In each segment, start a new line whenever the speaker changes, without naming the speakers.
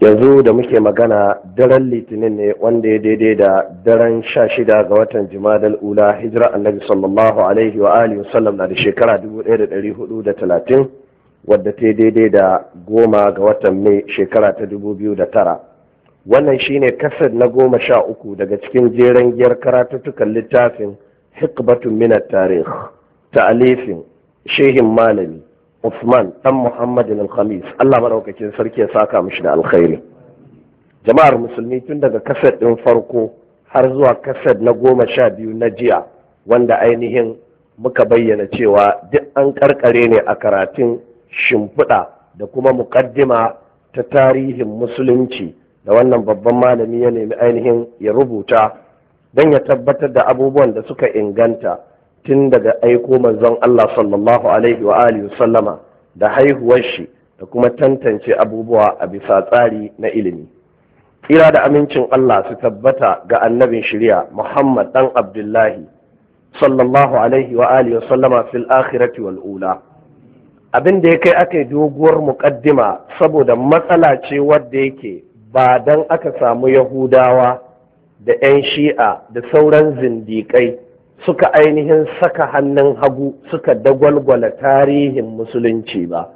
yanzu da muke magana daren litinin ne wanda ya daidai da daren sha shida ga watan jimadal ula hijira annabi sallallahu alaihi wa alihi wasallam na da shekara 1430 wadda ta daidai da goma ga watan mai shekara ta 2009 wannan shine kasar na goma sha uku daga cikin jeren giyar karatuttukan littafin hikbatun minar tarih ta'alifin shehin malami Usman ɗan Muhammad al-Khamis Allah madaukakin sarki ya saka mishi da alkhairi jama'ar musulmi tun daga kaset ɗin farko har zuwa kaset na goma sha biyu na jiya wanda ainihin muka bayyana cewa duk an karkare ne a karatun shimfiɗa da kuma muƙaddima ta tarihin musulunci da wannan babban malami ya nemi ainihin ya rubuta don ya tabbatar da abubuwan da suka inganta tun daga aiko manzon Allah sallallahu alaihi wa alihi sallama da haihuwar shi da kuma tantance abubuwa a bisa tsari na ilimi kira da amincin Allah su tabbata ga annabin shirya Muhammad ɗan Abdullahi sallallahu alaihi wa alihi sallama fil akhirati wal ula abin da ya kai aka yi doguwar muƙaddima saboda matsala ce wadda yake ba dan aka samu yahudawa da 'yan shi'a da sauran zindiƙai suka ainihin saka hannun hagu suka dagwalgwala tarihin musulunci ba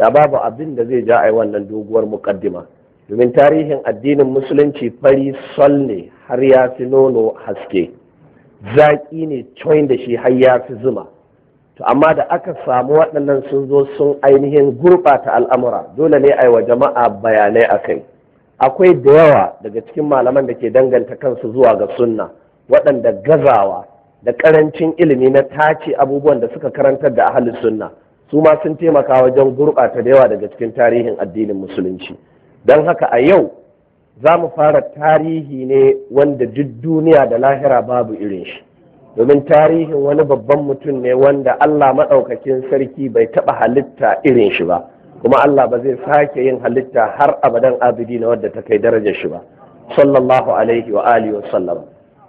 da babu abin da zai ja a wannan doguwar mukaddima domin tarihin addinin musulunci fari sol ne har ya fi nono haske zaƙi ne coin da shi har ya fi zuma to amma da aka samu waɗannan sun zo sun ainihin gurɓata al'amura dole ne a yi wa jama'a bayanai a kai akwai da yawa daga cikin malaman da ke danganta kansu zuwa ga sunna waɗanda gazawa da karancin ilimi na tace abubuwan da suka karantar da ahalin sunna su ma sun taimaka wajen gurɓata da yawa daga cikin tarihin addinin musulunci don haka a yau za mu fara tarihi ne wanda duk duniya da lahira babu irin shi domin tarihin wani babban mutum ne wanda Allah maɗaukakin sarki bai taɓa halitta irin shi ba kuma Allah ba zai sake yin halitta har abadan abidi na wadda ta kai darajar shi ba sallallahu alaihi wa alihi wa sallam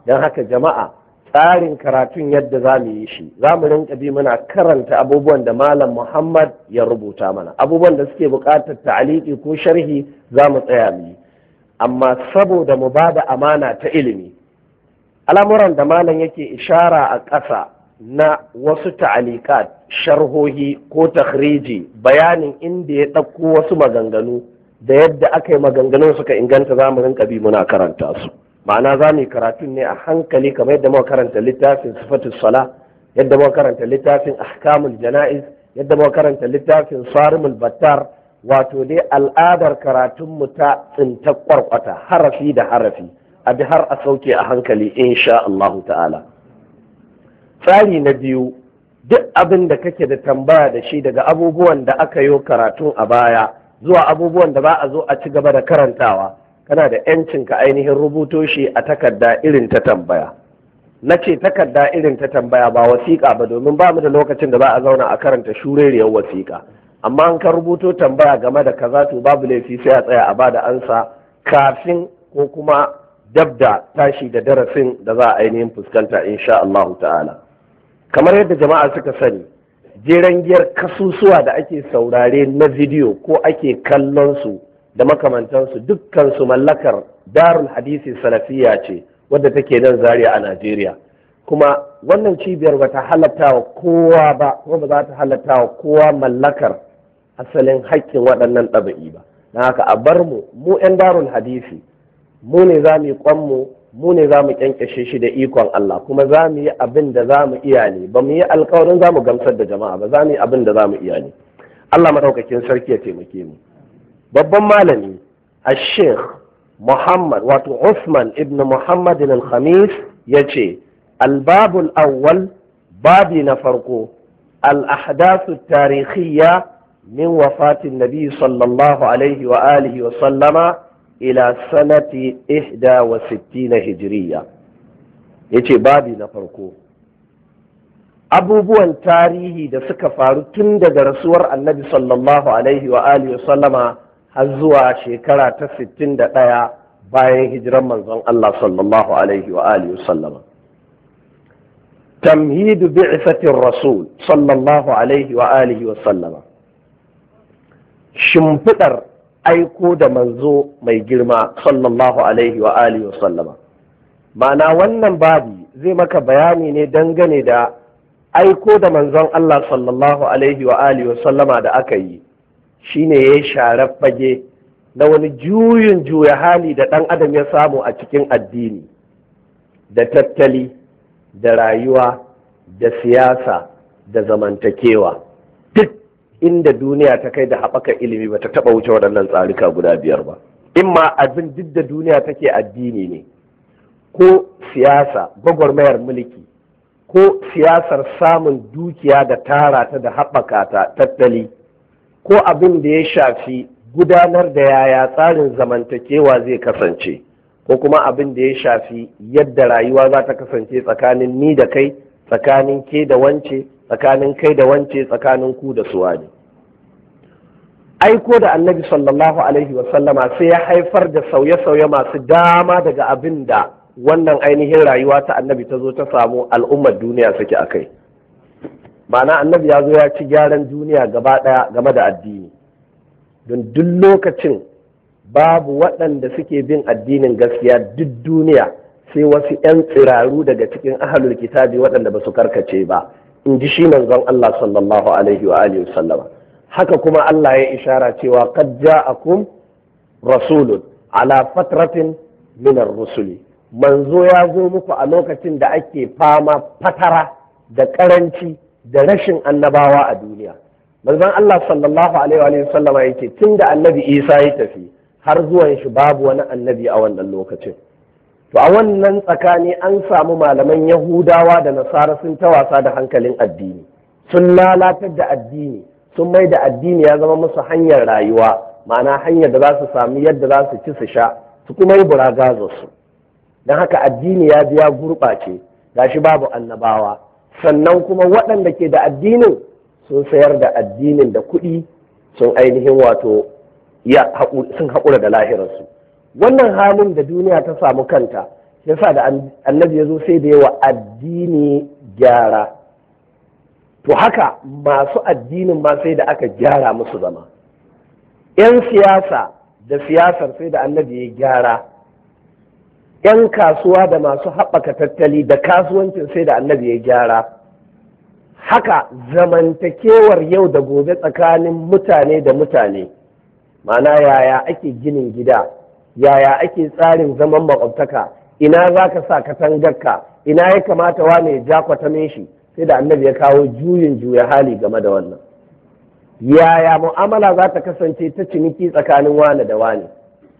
don haka jama'a tsarin karatun yadda za mu yi shi za mu rinka bi muna karanta abubuwan da malam muhammad ya rubuta mana abubuwan da suke buƙatar ta'aliki ko sharhi za mu tsaya mu yi amma saboda mu ba da amana ta ilimi al'amuran da malam yake ishara a ƙasa na wasu ta'alikat sharhohi ko tahriji bayanin inda ya ɗauko wasu maganganu da yadda aka yi maganganun suka inganta za mu rinka bi muna karanta su ma'ana za mu yi karatun ne a hankali kamar yadda muka karanta littafin sifatus sala yadda muka karanta littafin ahkamul jana'iz yadda muka karanta littafin sarimul battar wato dai al'adar karatun mu ta tsinta kwarkwata harafi da harafi a bi har a sauke a hankali insha Allahu ta'ala tsari na biyu duk abin da kake da tambaya da shi daga abubuwan da aka yi karatun a baya zuwa abubuwan da ba a zo a ci gaba da karantawa kana da yancin ka ainihin rubuto shi a takarda irin ta tambaya na ce takarda irin ta tambaya ba wasiƙa ba domin ba mu da lokacin da za a zauna a karanta shureriyar wasiƙa amma an ka rubuto tambaya game da kaza to babu laifi sai a tsaya a ba da ansa kafin ko kuma dab da tashi da darasin da za a ainihin fuskanta insha Allah ta'ala kamar yadda jama'a suka sani jerangiyar giyar kasusuwa da ake saurare na bidiyo ko ake kallon su da makamantansu dukkansu mallakar darul hadisi salafiya ce wadda take nan Zariya a najeriya kuma wannan cibiyar ba ta halatta wa kowa ba kuma ba za ta halatta wa kowa mallakar asalin haƙƙin waɗannan ɗaba'i ba na haka a bar mu mu 'yan darul hadisi mu ne za mu yi kwanmu mu ne za mu kyankyashe shi da ikon Allah kuma za mu yi abin da za mu iya ne ba mu yi alkawarin za mu gamsar da jama'a ba za mu yi abin da za mu iya ne Allah madaukakin sarki ya taimake mu babban malami a sheikh muhammad wato usman ibn muhammad al-khamis ya ce albabul awwal babi na farko al-ahdathu tarihiyya min wafatin nabi sallallahu alaihi wa alihi wa sallama ila sanati ihda wa sittina hijiriya ya ce babi na farko abubuwan tarihi da suka faru tun daga rasuwar annabi sallallahu alaihi wa alihi sallama har zuwa shekara ta sittin da ɗaya bayan hijiran manzon Allah sallallahu alaihi wa alihi sallama tamhidu bi'satir rasul sallallahu alaihi wa alihi wa sallama Shimfiɗar aiko da manzo mai girma sallallahu alaihi wa alihi wa sallama ma'ana wannan babi zai maka bayani ne dangane da aiko da manzon Allah sallallahu alaihi wa alihi wa sallama da aka yi Shi ne ya sharar fage na wani juyin juya hali da ɗan adam ya samu a cikin addini da tattali da rayuwa da siyasa da zamantakewa duk inda duniya ta kai da haɓaka ilimi ba ta taɓa wuce waɗannan tsarika guda biyar ba in ma abin duk da duniya take addini ne ko siyasa gwagwarmayar mulki ko siyasar samun dukiya da tara ta da haɓaka ta tattali ko abin da ya shafi gudanar da yaya tsarin zamantakewa zai kasance ko kuma abin da ya shafi yadda rayuwa za ta kasance tsakanin ni da kai tsakanin ke da wance tsakanin kai da wance tsakanin ku da suwa ne aiko da annabi sallallahu alaihi wasallama sai ya haifar da sauye-sauye masu dama daga abin da wannan ainihin rayuwa ta annabi ta zo ta samu al'ummar duniya suke a kai ma'ana annabi ya zo ya ci gyaran duniya gaba ɗaya game da addini don duk lokacin babu waɗanda suke bin addinin gaskiya duk duniya sai wasu 'yan tsiraru daga cikin ahalul kitabi waɗanda ba su karkace ba in ji shi manzon Allah sallallahu alaihi wa alihi sallama haka kuma Allah ya ishara cewa qad ja'akum rasulun ala fatratin min rusuli manzo ya zo muku a lokacin da ake fama fatara da karanci da rashin annabawa a duniya manzon Allah sallallahu alaihi wa sallama yake tunda annabi Isa ya tafi har zuwan shi babu wani annabi a wannan lokacin to a wannan tsakani an samu malaman Yahudawa da Nasara sun ta wasa da hankalin addini sun lalatar da addini sun mai da addini ya zama musu hanyar rayuwa ma'ana hanyar da za su sami yadda za su ci su sha su kuma yi buragazarsu don haka addini ya biya gurɓace gashi babu annabawa sannan kuma waɗanda ke da addinin sun sayar da addinin da kuɗi sun ainihin wato sun haƙura da lahirarsu wannan halin da duniya ta samu kanta yasa da annabi ya zo sai da yawa addini gyara to haka masu addinin ma sai da aka gyara musu zama 'yan siyasa da siyasar sai da annabi ya gyara 'yan kasuwa da masu haɓaka tattali da kasuwancin sai da annabi ya gyara haka zamantakewar yau da gobe tsakanin mutane da mutane mana yaya ake ginin gida yaya ake tsarin zaman makwabtaka ina za ka sa katangarka ina ya kamata wa mai ja shi sai da annabi ya kawo juyin juya hali game da wannan yaya mu'amala za ta kasance ta ciniki tsakanin wane da wane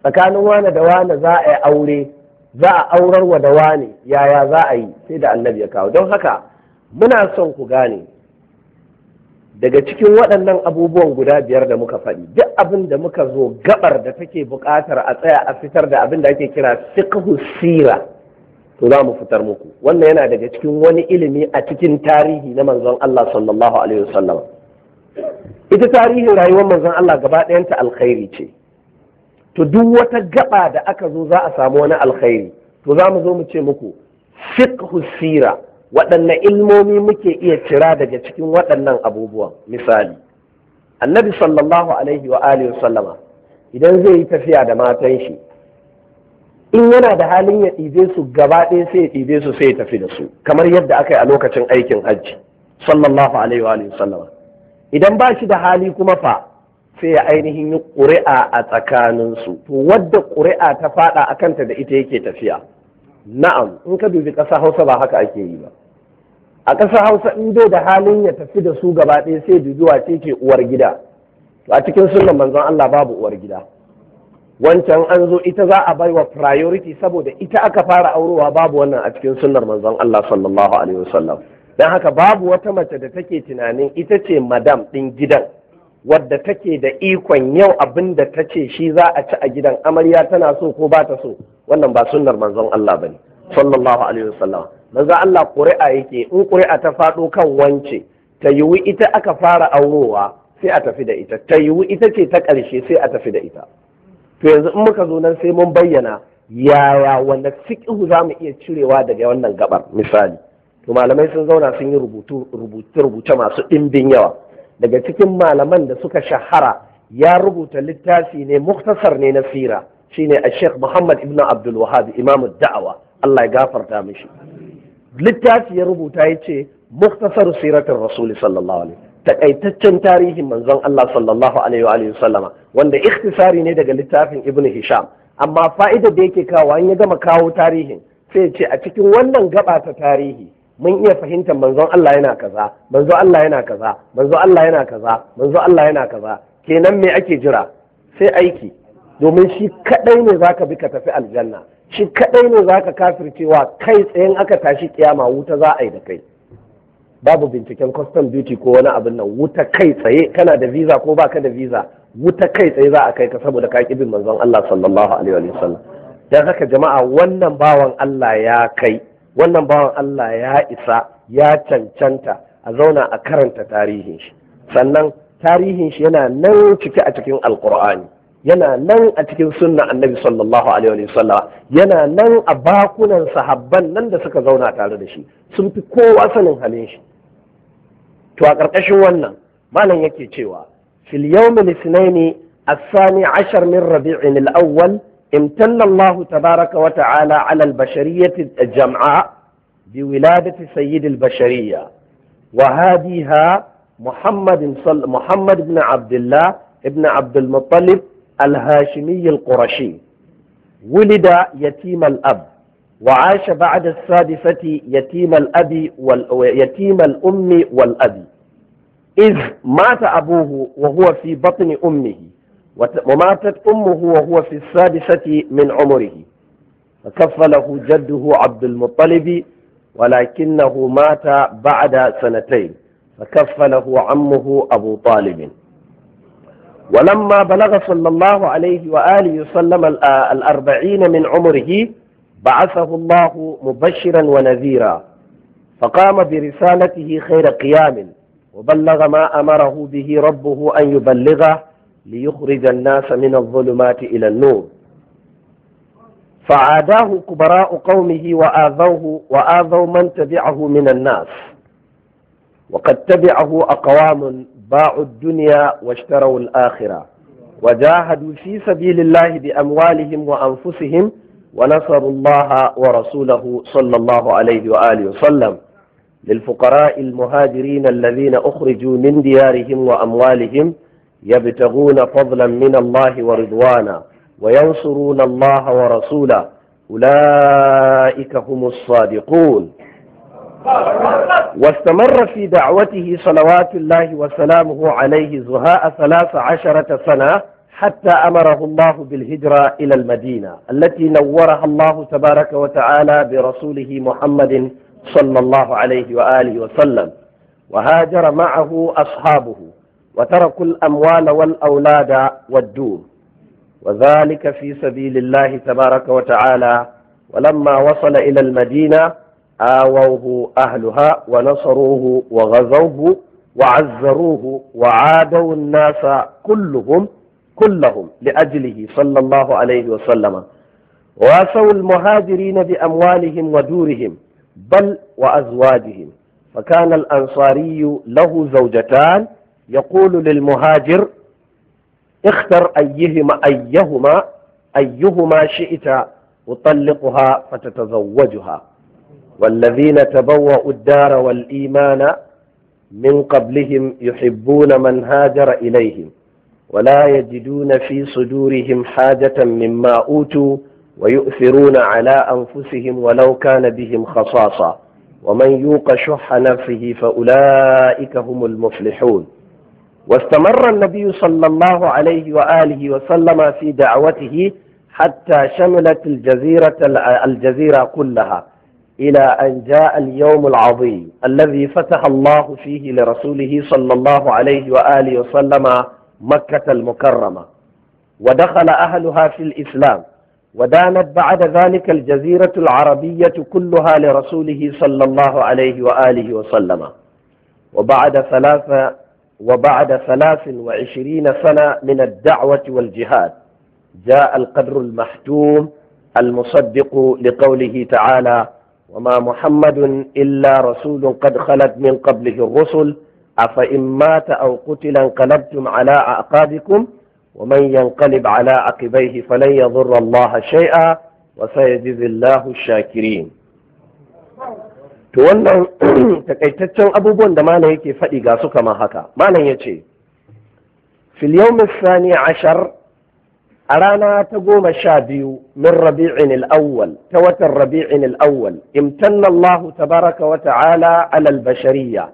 tsakanin wane da wane za a yi aure za a aurar wa da wani yaya za a yi sai da annabi ya kawo don haka muna son ku gane daga cikin waɗannan abubuwan guda biyar da muka faɗi duk abin da muka zo gabar da take buƙatar a tsaya a fitar da abin da ake kira fiqhu sira to za mu fitar muku wannan yana daga cikin wani ilimi a cikin tarihi na manzon Allah sallallahu alaihi wasallam ita tarihin rayuwar manzon Allah gaba ɗayanta alkhairi ce to duk wata gaba da aka zo za a samu wani alkhairi to za mu zo mu ce muku fiqhu sira waɗanne ilmomi muke iya cira daga cikin waɗannan abubuwan misali annabi sallallahu alaihi wa alihi sallama idan zai yi tafiya da matan shi in yana da halin ya ɗibe su gaba ɗaya sai ya ɗibe su sai ya tafi da su kamar yadda aka yi a lokacin aikin hajji sallallahu alaihi wa alihi sallama idan ba shi da hali kuma fa sai ya ainihin yi ƙuri'a a tsakaninsu To wadda ƙuri'a ta faɗa a kanta da ita yake tafiya na'am in ka dubi ƙasa hausa ba haka ake yi ba a ƙasar hausa in bai da halin ya tafi da su gaba ɗaya sai duduwa ce ke uwar gida a cikin sunan manzon Allah babu uwar gida wancan an zo ita za a baiwa wa priority saboda ita aka fara aurowa babu wannan a cikin sunnar manzon Allah sallallahu alaihi wasallam dan haka babu wata mace da take tunanin ita ce madam ɗin gidan wadda take da ikon yau abin da ta ce shi za a ci a gidan amarya tana so ko ba ta so wannan ba sunnar manzon Allah bane sallallahu alaihi wasallam manzon Allah ƙuri'a yake in ƙuri'a ta faɗo kan wance ta yiwu ita aka fara aurowa sai a tafi da ita ta yiwu ita ce ta ƙarshe sai a tafi da ita to yanzu in muka zo nan sai mun bayyana yaya wanda fiqhu za mu iya cirewa daga wannan gabar misali to malamai sun zauna sun yi rubutu rubuce masu ɗimbin yawa daga cikin malaman da suka shahara ya rubuta littafi ne muktasar ne na sira shine a sheikh muhammad ibn abdul wahab imamu da'awa allah ya gafarta mishi littafi ya rubuta ya ce muktasar siratin rasuli sallallahu alaihi takaitaccen tarihin manzon allah sallallahu alaihi wa sallama wanda ikhtisari ne daga littafin ibn hisham amma fa'ida da yake kawo an ya gama kawo tarihin sai ce a cikin wannan gaba ta tarihi mun iya fahimtar manzon Allah yana kaza manzon Allah yana kaza manzon Allah yana kaza manzon Allah yana kaza kenan me ake jira sai aiki domin shi kadai ne zaka bi ka tafi aljanna shi kadai ne zaka kafircewa kai tsayen aka tashi kiyama wuta za a yi da kai babu binciken custom duty ko wani abin nan wuta kai tsaye kana da visa ko baka da visa wuta kai tsaye za a kai ka saboda ka bin manzon Allah sallallahu alaihi wa sallam dan haka jama'a wannan bawan Allah ya kai wannan bawan Allah ya isa ya cancanta a zauna a karanta tarihin shi sannan tarihin shi yana nan cike a cikin alkur'ani yana nan a cikin sunna annabi sallallahu alaihi wasallama yana nan a bakunan sahabban nan da suka zauna tare da shi sun fi kowa sanin halin shi to a ƙarƙashin wannan malam yake cewa fil yawmi sani الثاني min من ربيع الأول امتن الله تبارك وتعالى على البشرية الجمعاء بولادة سيد البشرية وهذه محمد صل محمد بن عبد الله بن عبد المطلب الهاشمي القرشي ولد يتيم الأب وعاش بعد السادسة يتيم الأب وال... يتيم الأم والأب إذ مات أبوه وهو في بطن أمه وماتت أمه وهو في السادسة من عمره فكفله جده عبد المطلب ولكنه مات بعد سنتين فكفله عمه أبو طالب ولما بلغ صلى الله عليه وآله وسلم الأربعين من عمره بعثه الله مبشرا ونذيرا فقام برسالته خير قيام وبلغ ما أمره به ربه أن يبلغه ليخرج الناس من الظلمات إلى النور فعاداه كبراء قومه وآذوه وآذوا من تبعه من الناس وقد تبعه أقوام باعوا الدنيا واشتروا الآخرة وجاهدوا في سبيل الله بأموالهم وأنفسهم ونصروا الله ورسوله صلى الله عليه وآله وسلم للفقراء المهاجرين الذين أخرجوا من ديارهم وأموالهم يبتغون فضلا من الله ورضوانا وينصرون الله ورسوله أولئك هم الصادقون واستمر في دعوته صلوات الله وسلامه عليه زهاء ثلاث عشرة سنة حتى أمره الله بالهجرة إلى المدينة التي نورها الله تبارك وتعالى برسوله محمد صلى الله عليه وآله وسلم وهاجر معه أصحابه وتركوا الأموال والأولاد والدور وذلك في سبيل الله تبارك وتعالى ولما وصل إلى المدينة آووه أهلها ونصروه وغزوه وعزروه وعادوا الناس كلهم كلهم لأجله صلى الله عليه وسلم واسوا المهاجرين بأموالهم ودورهم بل وأزواجهم فكان الأنصاري له زوجتان يقول للمهاجر اختر أيهما أيهما أيهما شئت أطلقها فتتزوجها والذين تبوأوا الدار والإيمان من قبلهم يحبون من هاجر إليهم ولا يجدون في صدورهم حاجة مما أوتوا ويؤثرون على أنفسهم ولو كان بهم خصاصة ومن يوق شح نفسه فأولئك هم المفلحون واستمر النبي صلى الله عليه وآله وسلم في دعوته حتى شملت الجزيرة الجزيرة كلها إلى أن جاء اليوم العظيم الذي فتح الله فيه لرسوله صلى الله عليه وآله وسلم مكة المكرمة ودخل أهلها في الإسلام ودانت بعد ذلك الجزيرة العربية كلها لرسوله صلى الله عليه وآله وسلم وبعد ثلاثة وبعد ثلاث وعشرين سنة من الدعوة والجهاد جاء القدر المحتوم المصدق لقوله تعالى وما محمد إلا رسول قد خلت من قبله الرسل أفإن مات أو قتل انقلبتم على أعقابكم ومن ينقلب على عقبيه فلن يضر الله شيئا وسيجزي الله الشاكرين to wannan takaitaccen abubuwan da malam yake faɗi ga su kamar haka malam ya ce fil sani ashar a rana ta goma sha biyu min rabi'in al-awwal ta watan rabi'in al-awwal imtanna Allah tabaraka wa ta'ala alal bashariya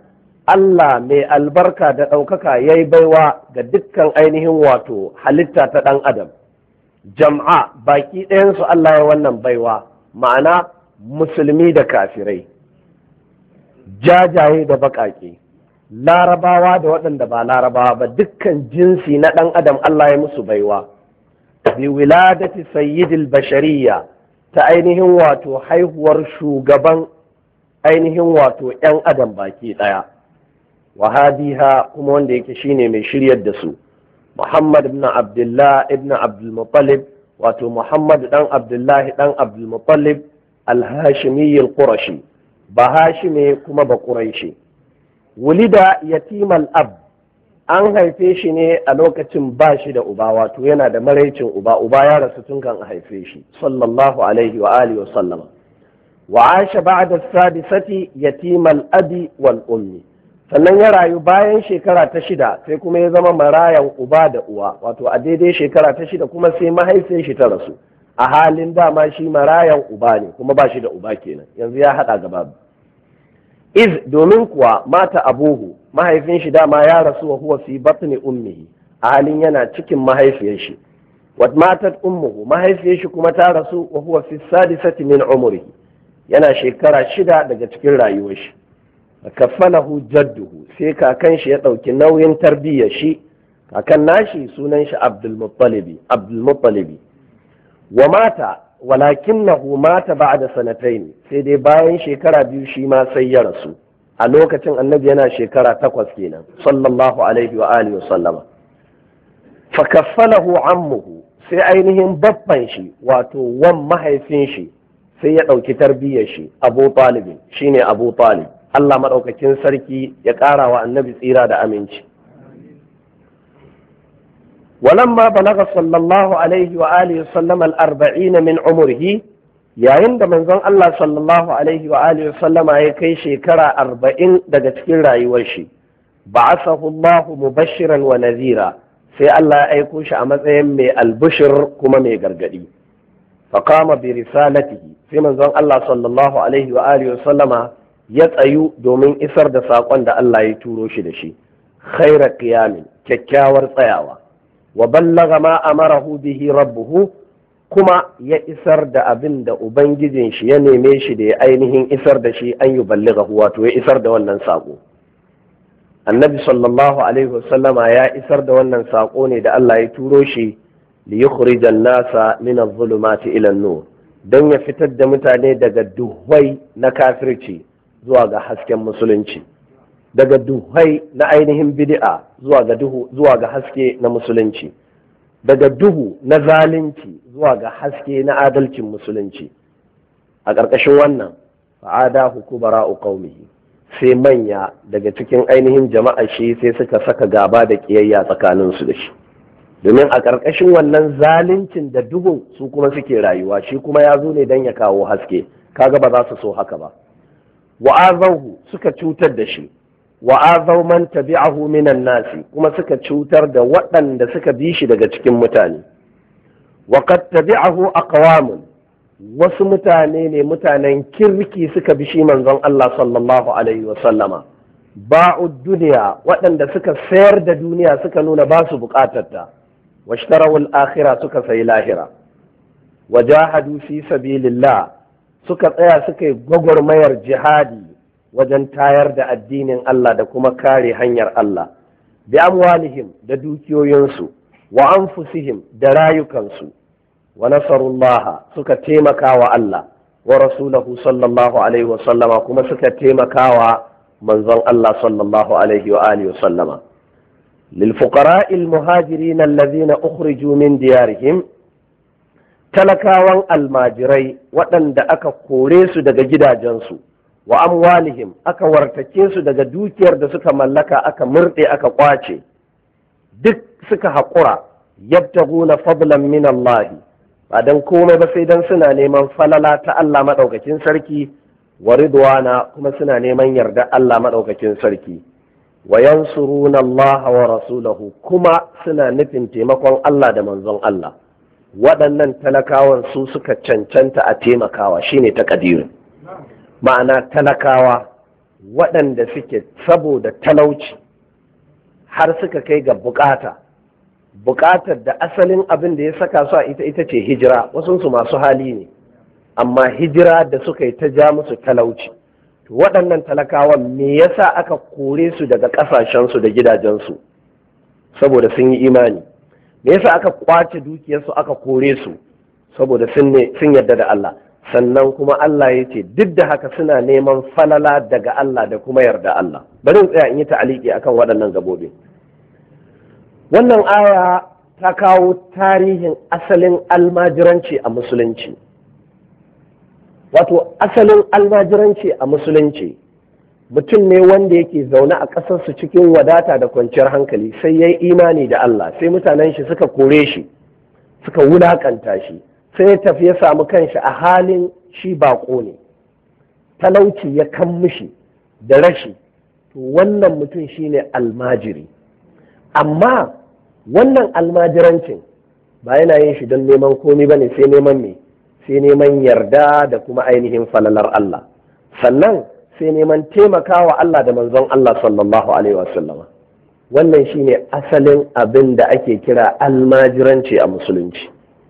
Allah mai albarka da ɗaukaka ya yi baiwa ga dukkan ainihin wato halitta ta ɗan adam jam'a baki ɗayansu Allah ya wannan baiwa ma'ana musulmi da kafirai jajaye da baƙaƙe larabawa da waɗanda ba larabawa ba dukkan jinsi na ɗan adam Allah ya musu baiwa bi wiladati sayyidil bashariya ta ainihin wato haihuwar shugaban ainihin wato 'yan adam baki ɗaya wahadiha kuma wanda yake shine mai shiryar da su muhammad ibn abdullah ibn abdulmuttalib wato muhammad ɗan abdullahi ɗan abdulmuttalib alhashimiyyi al ba Hashi ne kuma ba ƙuraishi wulida yatiman ab an haife shi ne a lokacin ba shi da uba wato yana da maraicin uba uba ya rasu tun kan haife shi sallallahu alaihi wa alihi wa sallama wa asha ba'da sadisati yatiman abi wal ummi sannan ya rayu bayan shekara ta shida sai kuma ya zama marayan uba da uwa wato a daidai shekara ta shida kuma sai mahaifiyar shi ta rasu a halin dama shi marayan uba ne kuma ba shi da uba kenan yanzu ya haɗa gaba iz domin kuwa mata abuhu mahaifin shi dama ya rasu wa huwa fi batni ummihi a halin yana cikin mahaifiyar shi wat matat ummuhu mahaifiyar shi kuma ta rasu wa huwa fi sadisati min umrihi yana shekara shida daga cikin rayuwar shi kafalahu jadduhu sai kakan shi ya ɗauki nauyin tarbiyyar shi kakan nashi sunan shi abdulmuttalibi abdulmuttalibi wa mata Walakin walakinnahu mata ba'da sanatain sai dai bayan shekara biyu shi ma sai ya rasu a lokacin annabi yana shekara takwas kenan sallallahu alaihi wa alihi wa sallama fa kaffalahu ammuhu sai ainihin babban shi wato wan mahaifin shi sai ya ɗauki tarbiyyar shi abu talibin shine abu talib Allah maɗaukakin sarki ya ƙara annabi tsira da aminci ولما بلغ صلى الله عليه وآله وسلم الأربعين من عمره yayin da manzon Allah sallallahu alaihi wa alihi ya kai shekara arba'in daga cikin rayuwar shi ba'asahu mu bashiran wa nazira sai Allah ya aiko shi a matsayin mai albushir kuma mai gargadi fa qama bi risalatihi sai manzon Allah sallallahu alaihi wa alihi ya tsayu domin isar da saƙon da Allah ya turo shi da shi khaira qiyamin kyakkyawar tsayawa wa ballaga ma amarahu bihi rabbuhu kuma ya isar da abin da ubangijin shi ya neme shi da ya ainihin isar da shi an yi ballighahu wato ya isar da wannan sako annabi sallallahu alaihi wasallama ya isar da wannan sako ne da Allah ya turo shi li an nasa min adh-dhulumati ila an-nur don ya fitar da mutane daga duhwai na kafirci zuwa ga hasken musulunci daga duhai na ainihin bid'a zuwa ga haske na musulunci daga duhu na zalunci zuwa ga haske na adalcin musulunci a ƙarƙashin wannan fa'ada hukubara qaumihi sai manya daga cikin ainihin jama'a shi sai suka saka gaba da ƙiyayya tsakaninsu da shi domin a ƙarƙashin wannan zaluncin da duhun su kuma suke rayuwa shi kuma ya zo ne don ya kawo haske kaga ba za su so haka ba wa'azahu suka cutar da shi wa azaw man tabi'ahu minan nasi kuma suka cutar da waɗanda suka bi shi daga cikin mutane wa tabi'ahu aqwamun wasu mutane ne mutanen kirki suka bi shi manzon Allah sallallahu alaihi Wasallama. sallama duniya waɗanda suka sayar da duniya suka nuna ba su buƙatarta washtarawul akhira suka sayi lahira wajahadu fi sabilillah suka tsaya suka yi gwagwarmayar jihadi wajen tayar da addinin Allah da kuma kare hanyar Allah bi amwalihim da dukiyoyinsu wa anfusihim da rayukansu wa nasarullah suka taimaka wa Allah wa rasulahu sallallahu alaihi wa sallama kuma suka taimakawa manzon Allah sallallahu alaihi wa alihi للفقراء المهاجرين الذين أخرجوا من ديارهم talakawan almajirai waɗanda aka kore su daga gidajensu wa amwalihim aka wartake su daga dukiyar da suka mallaka aka murɗe aka kwace duk suka haƙura yabtaguna fadlan min Allah ba dan komai ba sai dan suna neman falala ta Allah madaukakin sarki wa ridwana kuma suna neman yarda Allah madaukakin sarki wa yansuruna Allah wa rasulahu kuma suna nufin taimakon Allah da manzon Allah waɗannan talakawan su suka cancanta a taimakawa shine takadirin ma'ana talakawa waɗanda suke saboda talauci har suka kai ga bukata Buƙatar da asalin abin da ya saka su a ita ita ce hijira wasunsu masu hali ne amma hijira da suka yi ta ja musu talauci waɗannan talakawan me yasa aka kore su daga ƙasashensu da gidajensu saboda sun yi imani me yasa aka kwace dukiyarsu aka kore su saboda sun yarda da Allah sannan kuma Allah ya ce duk da haka suna neman falala daga Allah da kuma yarda Allah bari tsaya in yi ta'aliki akan waɗannan gabobi wannan aya ta kawo tarihin asalin almajiranci a musulunci wato asalin almajiranci a musulunci mutum ne wanda yake zaune a ƙasarsu cikin wadata da kwanciyar hankali sai ya yi imani da Allah sai mutanen shi suka kore shi suka wulaƙanta shi sai ya tafi ya samu kanshi a halin shi baƙo ne talauci ya kan mushi da rashi to wannan mutum shi ne almajiri amma wannan almajirancin ba yana yin shi don neman komi ba ne sai neman me sai neman yarda da kuma ainihin falalar Allah sannan sai neman taimakawa Allah da manzon Allah sallallahu alaihi wasallama wannan shine asalin abin da ake kira almajiranci a musulunci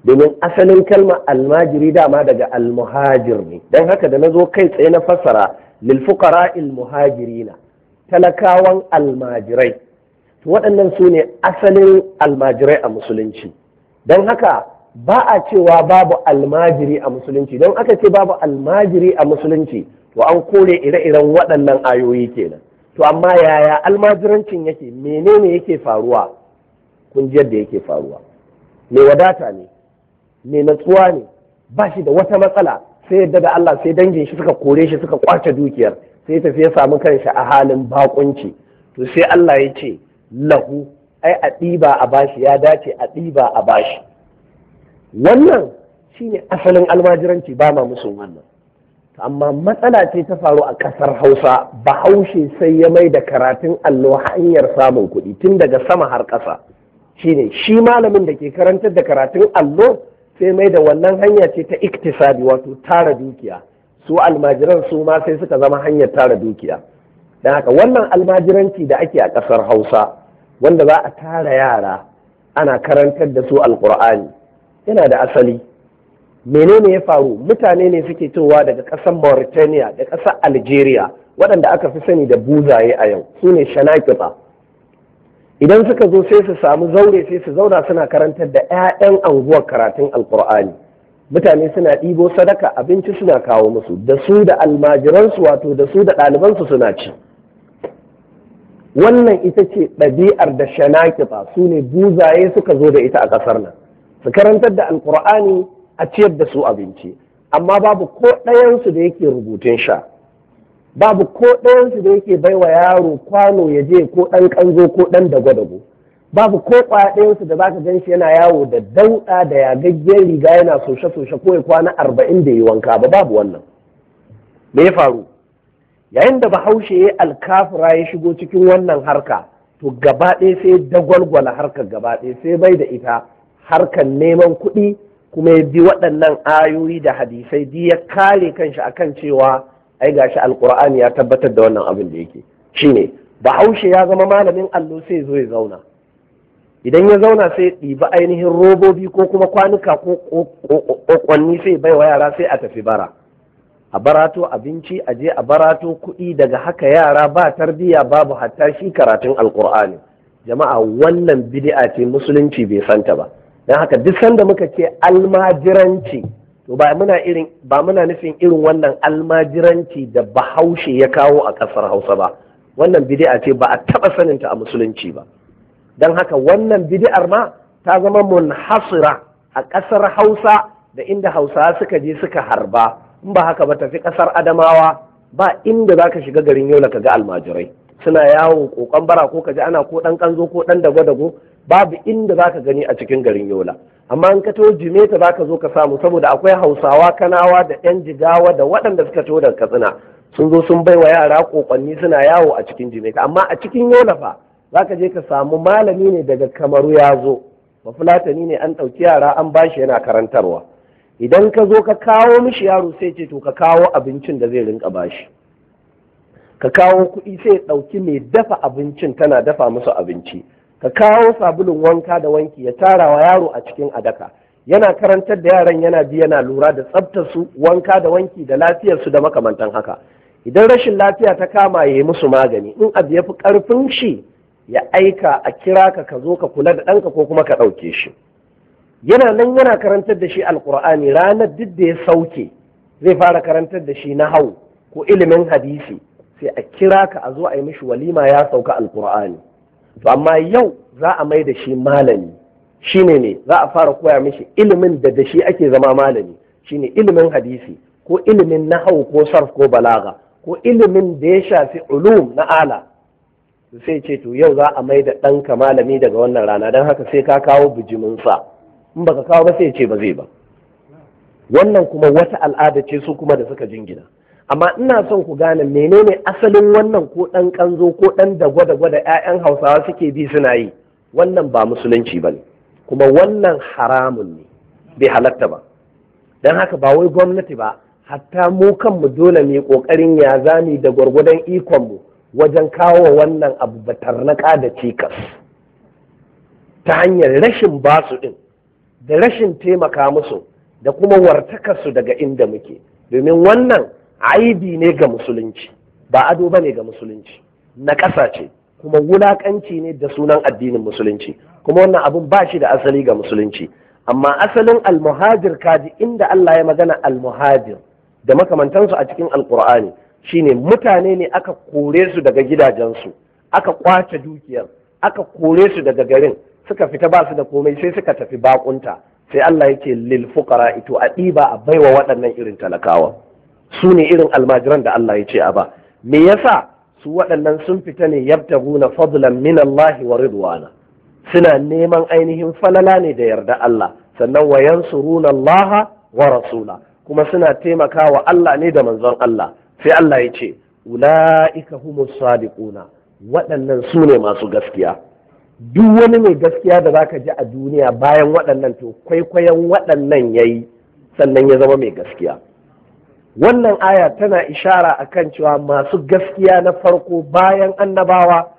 domin asalin kalma almajiri dama daga almuhajir ne don haka da na zo kai tsaye na fassara lilfukara ilmuhajirina talakawan almajirai waɗannan su ne asalin almajirai a musulunci don haka ba a cewa babu almajiri a musulunci don aka ce babu almajiri a musulunci to an kore ire-iren waɗannan ayoyi kenan to amma yaya almajirancin yake menene yake faruwa kun yadda yake faruwa Me wadata ne mai natsuwa ne ba shi da wata matsala sai yadda da Allah sai dangin shi suka kore shi suka kwace dukiyar sai tafi ya kan shi a halin bakunci to sai Allah ya ce lahu ai a ɗiba a bashi ya dace a ɗiba a bashi wannan shine asalin almajiranci ba ma musu wannan amma matsala ce ta faru a ƙasar hausa bahaushe sai ya mai da karatun allo hanyar samun kuɗi tun daga sama har ƙasa shine shi malamin da ke karantar da karatun allo sai mai da wannan hanya ce ta iktisadi wato tara dukiya su almajiran su ma sai suka zama hanyar tara dukiya don haka wannan almajiranci da ake a ƙasar hausa wanda za a tara yara ana karantar da su alkur'ani yana da asali menene ya faru mutane ne suke cewa daga ƙasar mauritania da ƙasar algeria waɗanda aka fi sani da buzaye a yau su ne shanakiba idan suka zo sai su samu zaure sai su zauna suna karantar da 'ya'yan anguwar karatun alkur'ani mutane suna ɗibo sadaka abinci suna kawo musu da su da almajiransu wato da su da ɗalibansu suna ci wannan ita ce ɗabi'ar da ba su ne buzaye suka zo da ita a ƙasar nan su karantar da alkur'ani a ciyar da su abinci amma babu ko ɗayansu da yake rubutun sha babu ko ɗayansu da yake baiwa yaro kwano ya je ko ɗan ƙanzo ko ɗan dago-dago babu ko ɗayansu da zaka gan shi yana yawo da dauɗa da yagaggen riga yana soshe-soshe ko ya kwana arba'in da yi wanka ba babu wannan me ya faru yayin da bahaushe ya yi alkafura ya shigo cikin wannan harka to gaba ɗaya sai dagwalgwala harkar gaba ɗaya sai bai da ita harkar neman kuɗi kuma ya bi waɗannan ayoyi da hadisai duk ya kare kanshi akan cewa ai gashi alkur'ani ya tabbatar da wannan abin da yake shine bahaushe ya zama malamin allo sai zo ya zauna idan ya zauna sai ɗiba ainihin robobi ko kuma kwanuka ko kwanni sai bai wa yara sai a tafi bara a barato abinci a je a barato kuɗi daga haka yara ba tarbiyya babu hatta shi karatun alkur'ani jama'a wannan bid'a ce musulunci bai santa ba don haka duk sanda muka ce almajiranci to ba muna irin ba muna nufin irin wannan almajiranci da bahaushe ya kawo a ƙasar hausa ba wannan bid'a ce ba a taɓa saninta a musulunci ba don haka wannan bid'ar ma ta zama munhasira a ƙasar hausa da inda hausawa suka je suka harba in ba haka ba tafi ƙasar adamawa ba inda za ka shiga garin yola ka ga almajirai suna yawo kokon bara ko kaji ana ko ɗan kanzo ko ɗan dago dago babu inda zaka gani a cikin garin yola amma in ka taho jimeta zaka zo ka samu saboda akwai hausawa kanawa da yan jigawa da waɗanda suka taho daga katsina sun zo sun bai wa yara kokonni suna yawo a cikin jimeta amma a cikin yola fa zaka je ka samu malami ne daga kamaru ya zo bafulatani ne an ɗauki yara an bashi yana karantarwa idan ka zo ka kawo mishi yaro sai ce to ka kawo abincin da zai rinka bashi ka kawo kuɗi sai ɗauki mai dafa abincin tana dafa musu abinci ka kawo sabulun wanka da wanki ya tara wa yaro a cikin adaka yana karantar da yaran yana bi yana lura da tsaftar su wanka da wanki da lafiyar su da makamantan haka idan rashin lafiya ta kama ya yi musu magani in abu ya fi ƙarfin shi ya aika a kira ka ka zo ka kula da ɗanka ko kuma ka ɗauke shi yana nan yana karantar da shi Alƙur'ani, ranar duk da ya sauke zai fara karantar da shi na hau ko ilimin hadisi sai a kira ka a zo a yi mishi walima ya sauka alkur'ani to amma yau za a mai da shi malami shine ne za a fara koya mishi ilimin da da shi ake zama malami shine ilimin hadisi ko ilimin nahawu ko sarf ko balaga ko ilimin da ya shafi ulum na ala sai ce to yau za a mai da ɗanka malami daga wannan rana don haka sai ka kawo bijiminsa in baka kawo ba sai ce ba zai ba wannan kuma wata al'ada ce su kuma da suka jingina amma ina son ku gane menene asalin wannan ko ɗan ƙanzo ko ɗan da gwada-gwada 'ya'yan hausawa suke bi suna yi wannan ba musulunci ba ne kuma wannan haramun ne bai halatta ba don haka ba wai gwamnati ba hatta mu kanmu dole ne ƙoƙarin ya zami da gwargwadon ikonmu wajen kawo wannan abu batarnaka da cikas ta hanyar rashin basu ɗin da rashin taimaka musu da kuma su daga inda muke domin wannan aibi ne ga musulunci ba ado ba ne ga musulunci na ƙasa ce kuma wulaƙanci ne da sunan addinin musulunci kuma wannan abun ba shi da asali ga musulunci amma asalin almuhajir kaji inda Allah ya magana almuhajir da makamantansu a cikin alkur'ani shine mutane ne aka kore su daga gidajensu aka kwace dukiyar aka kore su daga garin suka fita ba su da komai sai suka tafi bakunta sai Allah yake lil fuqara ito a ɗiba a baiwa waɗannan irin talakawa su ne irin almajiran da Allah ya ce a ba me yasa su waɗannan sun fita ne yabtaguna fadlan min Allah wa ridwana suna neman ainihin falala ne da yarda Allah sannan wa yansuruna Allah wa rasula kuma suna taimakawa Allah ne da manzon Allah sai Allah ya ce ula'ika humus sadiquna waɗannan su ne masu gaskiya duk wani mai gaskiya da zaka ji a duniya bayan waɗannan to kwaikwayon waɗannan yayi sannan ya zama mai gaskiya wannan aya tana ishara a kan cewa masu gaskiya na farko bayan annabawa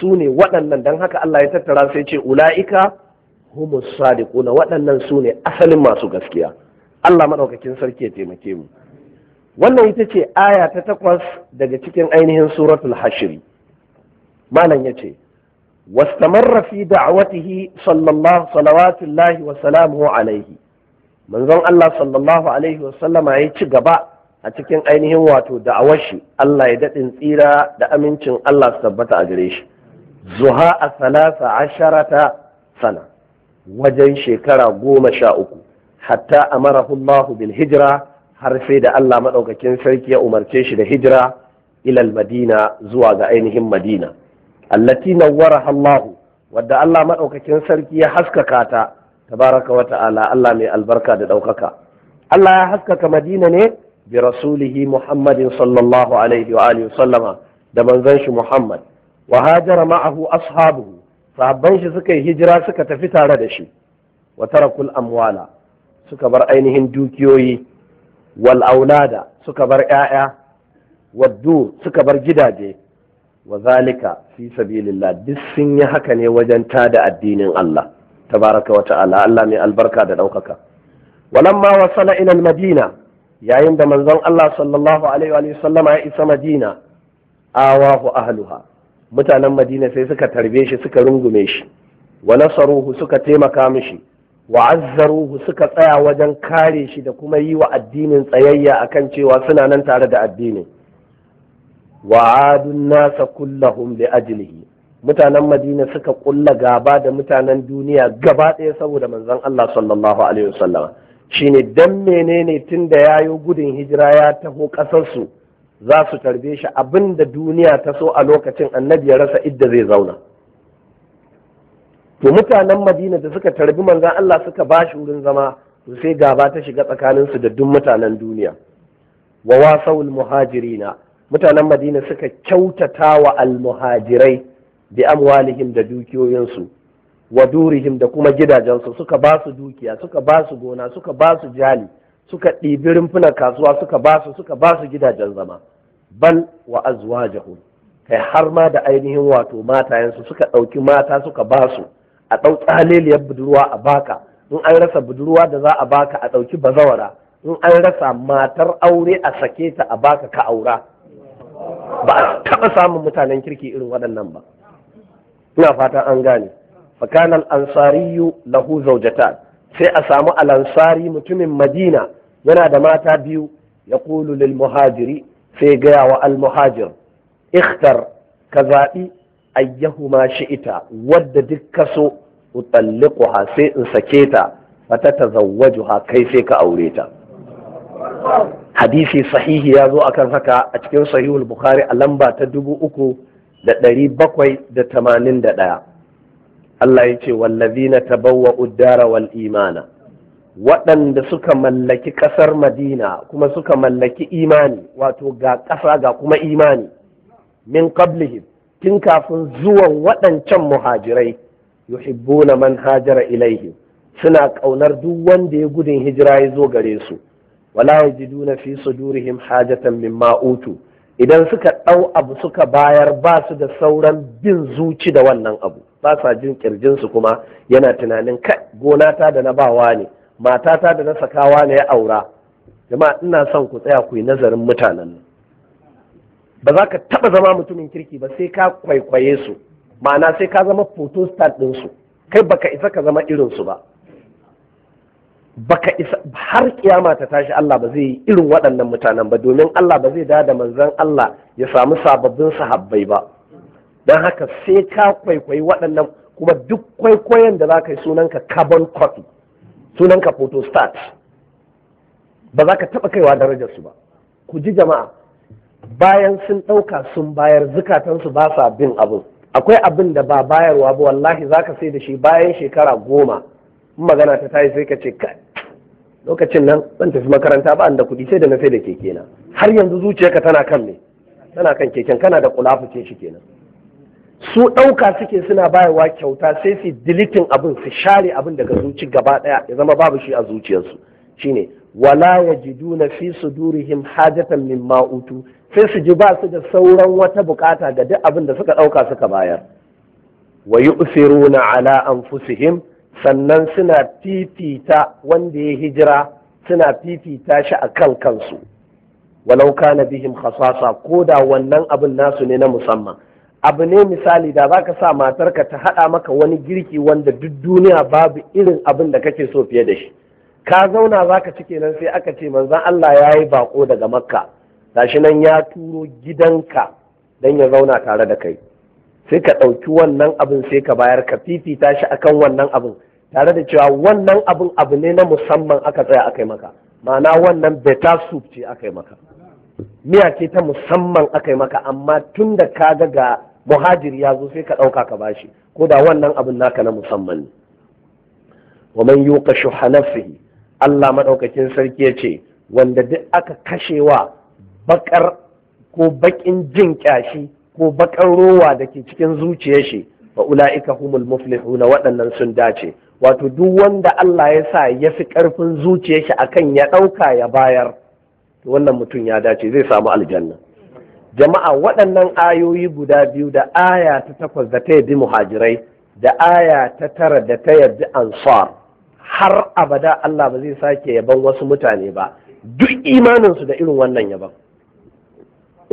su ne waɗannan don haka Allah ya tattara sai ce ula'ika humus sadiquna waɗannan su ne asalin masu gaskiya Allah maɗaukakin sarki ya taimake mu wannan ita ce aya ta takwas daga cikin ainihin suratul hashiri malam ya ce واستمر في دعوته صلى الله صلوات الله وسلامه عليه manzon Allah sallallahu alaihi wasallama ya ci gaba a cikin ainihin wato da shi Allah ya daɗin tsira da amincin Allah su tabbata a gare shi zuha a salasa asharata sana wajen shekara goma sha uku hatta mara Hullahu bil hijira har sai da Allah maɗaukakin sarki ya umarce shi da hijira ilal madina zuwa ga ainihin madina allati nawwara Allah wadda Allah maɗaukakin sarki ya haskaka ta tabaraka wa ta'ala Allah mai albarka da ɗaukaka Allah ya haskaka madina ne bi rasulihi muhammadin sallallahu alaihi wa alihi da manzon shi muhammad wa hajara ma'ahu ashabuhu sahabban shi suka yi hijira suka tafi tare da shi wa tarakul amwala suka bar ainihin dukiyoyi wal aulada suka bar 'ya'ya waddu suka bar gidaje Wazalika zalika fi sabilillah duk sun haka ne wajen tada addinin Allah tabaraka wa ta'ala Allah mai albarka da daukaka walamma wasala ila madina yayin da manzon Allah sallallahu alaihi wa ya isa Madina awahu ahluha mutanen Madina sai suka tarbe shi suka rungume shi wa nasaruhu suka taimaka mishi wa azzaruhu suka tsaya wajen kare shi da kuma yi wa addinin tsayayya akan cewa suna nan tare da addinin wa adun nasa kullahum li ajlihi mutanen madina suka kulla gaba da mutanen duniya gaba ɗaya saboda manzon Allah sallallahu alaihi Wasallama. shine dan menene tun da ya yi gudun hijira ya taho ƙasarsu za su tarbe shi abin da duniya ta so a lokacin annabi ya rasa idda zai zauna to mutanen madina da suka tarbi manzan allah suka ba shi wurin zama to sai gaba ta shiga tsakaninsu da duk mutanen duniya wa wasawul muhajirina mutanen madina suka kyautata wa almuhajirai bi amwalihim da dukiyoyinsu Wadurihim da kuma gidajensu suka ba su dukiya suka ba su gona suka ba su jali suka ɗibi rumfunan kasuwa suka ba su suka ba su gidajen zama bal wa azwajahum kai har ma da ainihin wato matayensu suka ɗauki mata suka ba su a ɗau tsaliliyar budurwa a baka in an rasa budurwa da za a baka a ɗauki bazawara in an rasa matar aure a sake ta a baka ka aura ba a taɓa samun mutanen kirki irin waɗannan ba ina fatan an gane فكان الأنصاري له زوجتان sai a samu alansari mutumin madina yana da mata biyu ya kulu lil muhajiri sai gaya wa almuhajir ikhtar ka zaɓi shi ita, wadda duk ka so utalliquha sai in sake ta fata tazawwajuha kai sai ka aure ta hadisi sahihi ya zo a kan haka a cikin sahihul bukhari a lamba ta dubu uku da ɗari bakwai da tamanin da ɗaya Allah ya ce wallazina tabawwa uddara wal imana waɗanda suka mallaki ƙasar madina kuma suka mallaki imani wato ga ƙasa ga kuma imani min qablihim tun kafin zuwan waɗancan muhajirai yuhibbuna man hajara ilaihim suna ƙaunar duk wanda ya gudun hijira ya zo gare su wala yajiduna fi sudurihim hajatan mimma utu idan suka ɗau abu suka bayar ba su da sauran bin zuci da wannan abu ba sa jin kirjinsu kuma yana tunanin kai ta da na bawa ne mata ta da na sakawa ne ya aura jama'a ina son ku tsaya ku yi nazarin mutanen nan ba za ka taɓa zama mutumin kirki ba sai ka kwaikwaye su ma'ana sai ka zama photostat ɗinsu kai baka isa ka zama irinsu ba baka isa har kiyama ta tashi Allah ba zai yi irin waɗannan mutanen ba domin Allah ba zai da manzon Allah ya samu sababbin sahabbai ba don haka sai ka kwaikwayi waɗannan kuma duk kwaikwayon da za ka yi sunanka carbon copy sunanka photostat ba za ka taɓa kaiwa darajar su ba ku ji jama'a bayan sun ɗauka sun bayar zukatansu ba sa bin abin akwai abin da ba bayarwa ba wallahi za ka sai da shi bayan shekara goma magana ta tayi sai ka ce kai lokacin nan zan tafi makaranta ba da kuɗi sai da na sai da keke na har yanzu zuciyarka tana kan me tana kan keken kana da ce shi kenan su ɗauka suke suna bayarwa kyauta sai su dilitin abin su share abin daga zuci gaba ɗaya ya zama babu shi a zuciyarsu shine wala na fi sudurihim hajatan min ma'utu sai su ji ba su da sauran wata bukata ga duk abin da suka ɗauka suka bayar wa yu'thiruna ala anfusihim sannan suna fifita wanda ya hijira suna fifita shi a kan kansu walau kana bihim khasasa ko da wannan abin nasu ne na musamman abu ne misali da za ka sa matarka ta haɗa maka wani girki wanda duk duniya babu irin abin da kake so fiye da shi ka zauna za ka cike nan sai aka ce manzan Allah ya yi bako daga makka shi nan ya turo gidanka don ya zauna tare da kai sai ka ɗauki wannan abin sai ka bayar ka fifita shi akan wannan abin tare da cewa wannan abin abu ne na musamman aka tsaya aka yi maka ma'ana wannan beta soup ce aka yi maka miya ce ta musamman aka yi maka amma tun da ka ga muhajiri ya zo sai ka ɗauka ka bashi ko da wannan abin naka na musamman ne wa man yuqa shuha Allah madaukakin sarki ya ce wanda duk aka kashewa bakar ko bakin jin kyashi ko bakar rowa da ke cikin zuciyar shi fa ulaika humul muflihuna waɗannan sun dace wato duk wanda Allah ya sa ya fi karfin zuciyar shi akan ya ɗauka ya bayar wannan mutum ya dace zai samu aljanna jama'a waɗannan ayoyi guda biyu da aya ta takwas da ta yabi muhajirai da aya ta tara da ta yabi ansar har abada Allah ba zai sake yaban wasu mutane ba duk imaninsu da irin wannan yaban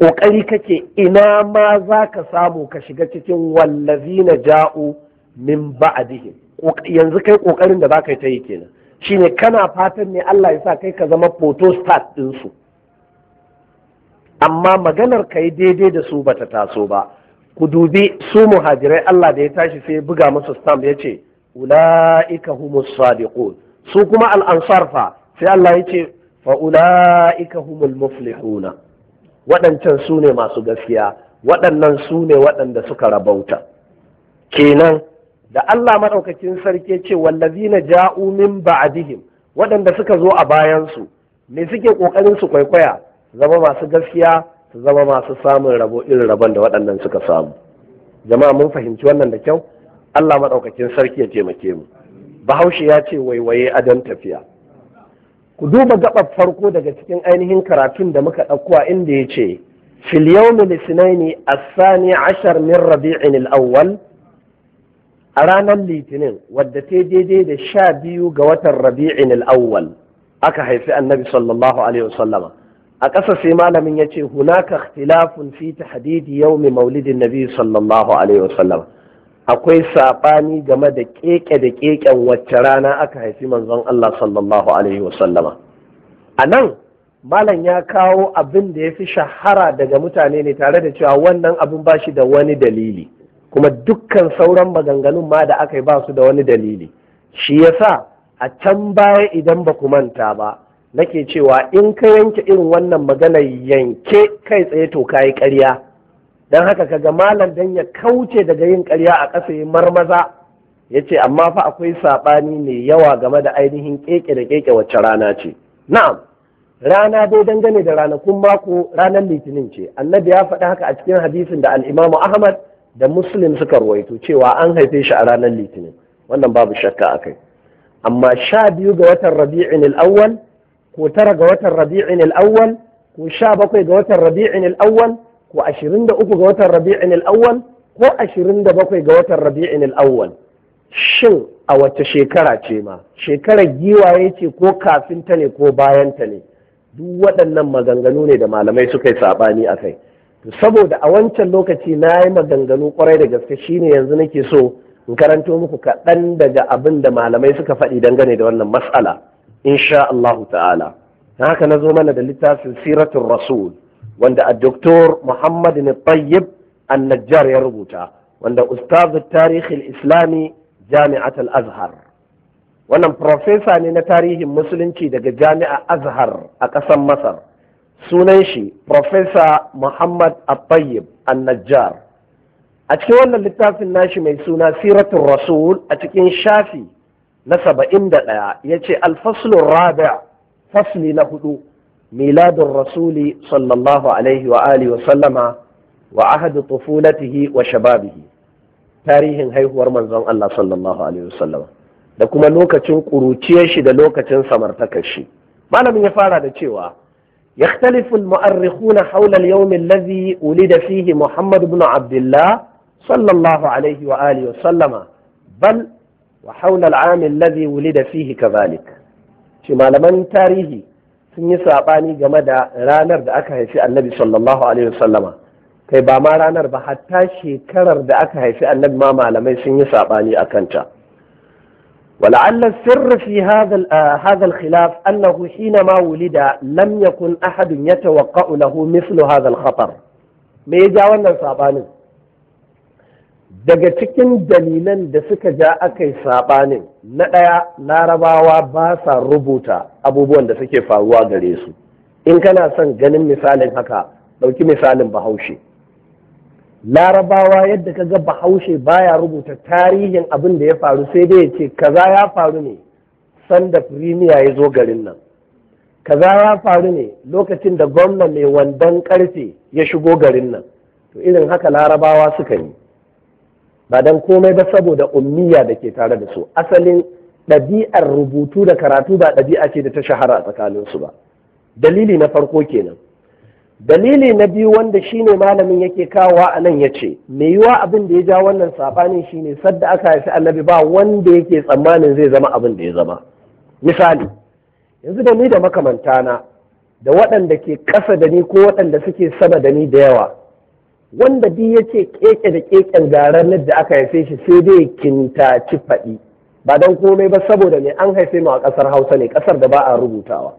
ƙoƙari kake ina ma za ka samu ka shiga cikin wallazi na ja'u min ba'dihim yanzu kai ƙoƙarin da ba ka yi ta yi kenan shine kana fatan ne Allah ya sa kai ka zama photostat ɗinsu amma maganar ka yi daidai da su bata taso ba ku dubi su muhajirai Allah da ya tashi sai buga musu stamp ya ce ula'ika humus sadiqun su kuma al'ansar fa sai Allah ya ce fa ula'ika humul muflihuna waɗancan su ne masu gaskiya waɗannan su ne waɗanda suka rabauta kenan da Allah maɗaukakin sarki ce wallazina ja'u min ba'dihim waɗanda suka zo a bayansu me suke ƙoƙarin su kwaikwaya zama masu gaskiya su zama masu samun rabo irin rabon da waɗannan suka samu jama'a mun fahimci wannan da kyau Allah maɗaukakin sarki ya taimake mu bahaushe ya ce waiwaye adon tafiya ku duba gaɓar farko daga cikin ainihin karatun da muka ɗauko inda ya ce fil yawmi as-sani ashar min rabi'in al-awwal a ranar litinin wadda ta daidai da sha biyu ga watan rabi'in al-awwal aka haifi annabi sallallahu alaihi wasallama a ƙasa sai malamin ya ce hunaka ikhtilafun fi tahdidi yawmi maulidin nabi sallallahu alaihi wasallam akwai saɓani game da keke da keken wacce rana aka haifi manzon Allah sallallahu alaihi wasallam a nan malam ya kawo abin da ya fi shahara daga mutane ne tare da cewa wannan abin ba shi da wani dalili kuma dukkan sauran maganganun ma da aka yi ba su da wani dalili shi yasa a can baya idan ba ku manta ba nake cewa in ka yanke irin wannan maganar yanke kai tsaye to ka yi ƙarya don haka kaga malam dan ya kauce daga yin ƙarya a ƙasa ya marmaza ya ce amma fa akwai saɓani mai yawa game da ainihin ƙeƙe da ƙeƙe wacce rana ce na'am rana dai dangane da ranakun mako ranar litinin ce annabi ya faɗi haka a cikin hadisin da al'imamu ahmad da muslim suka ruwaito cewa an haife shi a ranar litinin wannan babu shakka a kai amma sha biyu ga watan rabi'in al'awwal ko tara ga watan rabi'in al-awwal ko sha bakwai ga watan rabi'in al-awwal ko ashirin da uku ga watan rabi'in al-awwal ko ashirin da bakwai ga watan rabi'in al-awwal shin a wace shekara ce ma shekarar giwaye ce ko kafin ta ne ko bayan ta ne duk waɗannan maganganu ne da malamai suka yi saɓani a kai to saboda a wancan lokaci na yi maganganu kwarai da gaske shine yanzu nake so in karanto muku kaɗan daga abin da malamai suka faɗi dangane da wannan matsala insha Allah ta'ala haka na zo mana da littafin siratun rasul wanda a doktor muhammad tayyib annajjar ya rubuta wanda ustaz tarihin islami jami'at al-azhar wannan profesa ne na tarihin musulunci daga jami'a azhar a ƙasar masar sunan shi profesa muhammad tayyib annajjar a cikin wannan littafin nashi mai suna siratun rasul a cikin shafi na saba'in da ɗaya ya ce alfaslun rabi' fasli na hudu miladun rasuli sallallahu alaihi wa alihi wa sallama wa ahadu tufulatihi wa shababihi tarihin haihuwar manzon Allah sallallahu alaihi wa sallama da kuma lokacin ƙuruciyar shi da lokacin samartakar shi malamin ya fara da cewa يختلف المؤرخون حول اليوم الذي ولد فيه محمد بن عبد الله صلى الله عليه وآله وسلم بل wa haula al'am alladhi wulida fihi kadhalik shi malaman tarihi sun yi saɓani game da ranar da aka haifi annabi sallallahu alaihi wasallama kai ba ma ranar ba hatta shekarar da aka haifi annabi ma malamai sun yi saɓani a kanta ولعل السر في هذا هذا الخلاف انه حينما ولد لم يكن احد يتوقع nahu مثل هذا الخطر me ya ja wannan saɓanin? daga cikin dalilan da suka ja aka yi saɓanin na ɗaya larabawa ba sa rubuta abubuwan da suke faruwa gare su in kana son ganin misalin haka ɗauki misalin bahaushe larabawa yadda ka ga bahaushe baya rubuta tarihin abin da ya faru sai dai ya ce kaza ya faru ne sanda firimiya ya zo garin nan kaza ya faru ne lokacin da gwamna mai wandon ƙarfe ya shigo garin nan to irin haka larabawa suka yi ba don komai ba saboda ummiya da ke tare da su asalin ɗabi'ar rubutu da karatu ba ɗabi'a ce da ta shahara a tsakaninsu ba dalili na farko kenan dalili na biyu wanda shi ne malamin yake kawowa a nan ya ce mai yiwa abin da ya ja wannan saɓanin shine sadda aka haifi annabi ba wanda yake tsammanin zai zama abin da ya zama misali yanzu da ni da makamantana da waɗanda ke ƙasa da ni ko waɗanda suke sama da ni da yawa wanda duk ya ce keke da keken garan da aka haife shi sai dai kintaci faɗi ba don komai ba saboda ne an haife mu a ƙasar hausa ne ƙasar da ba a rubutawa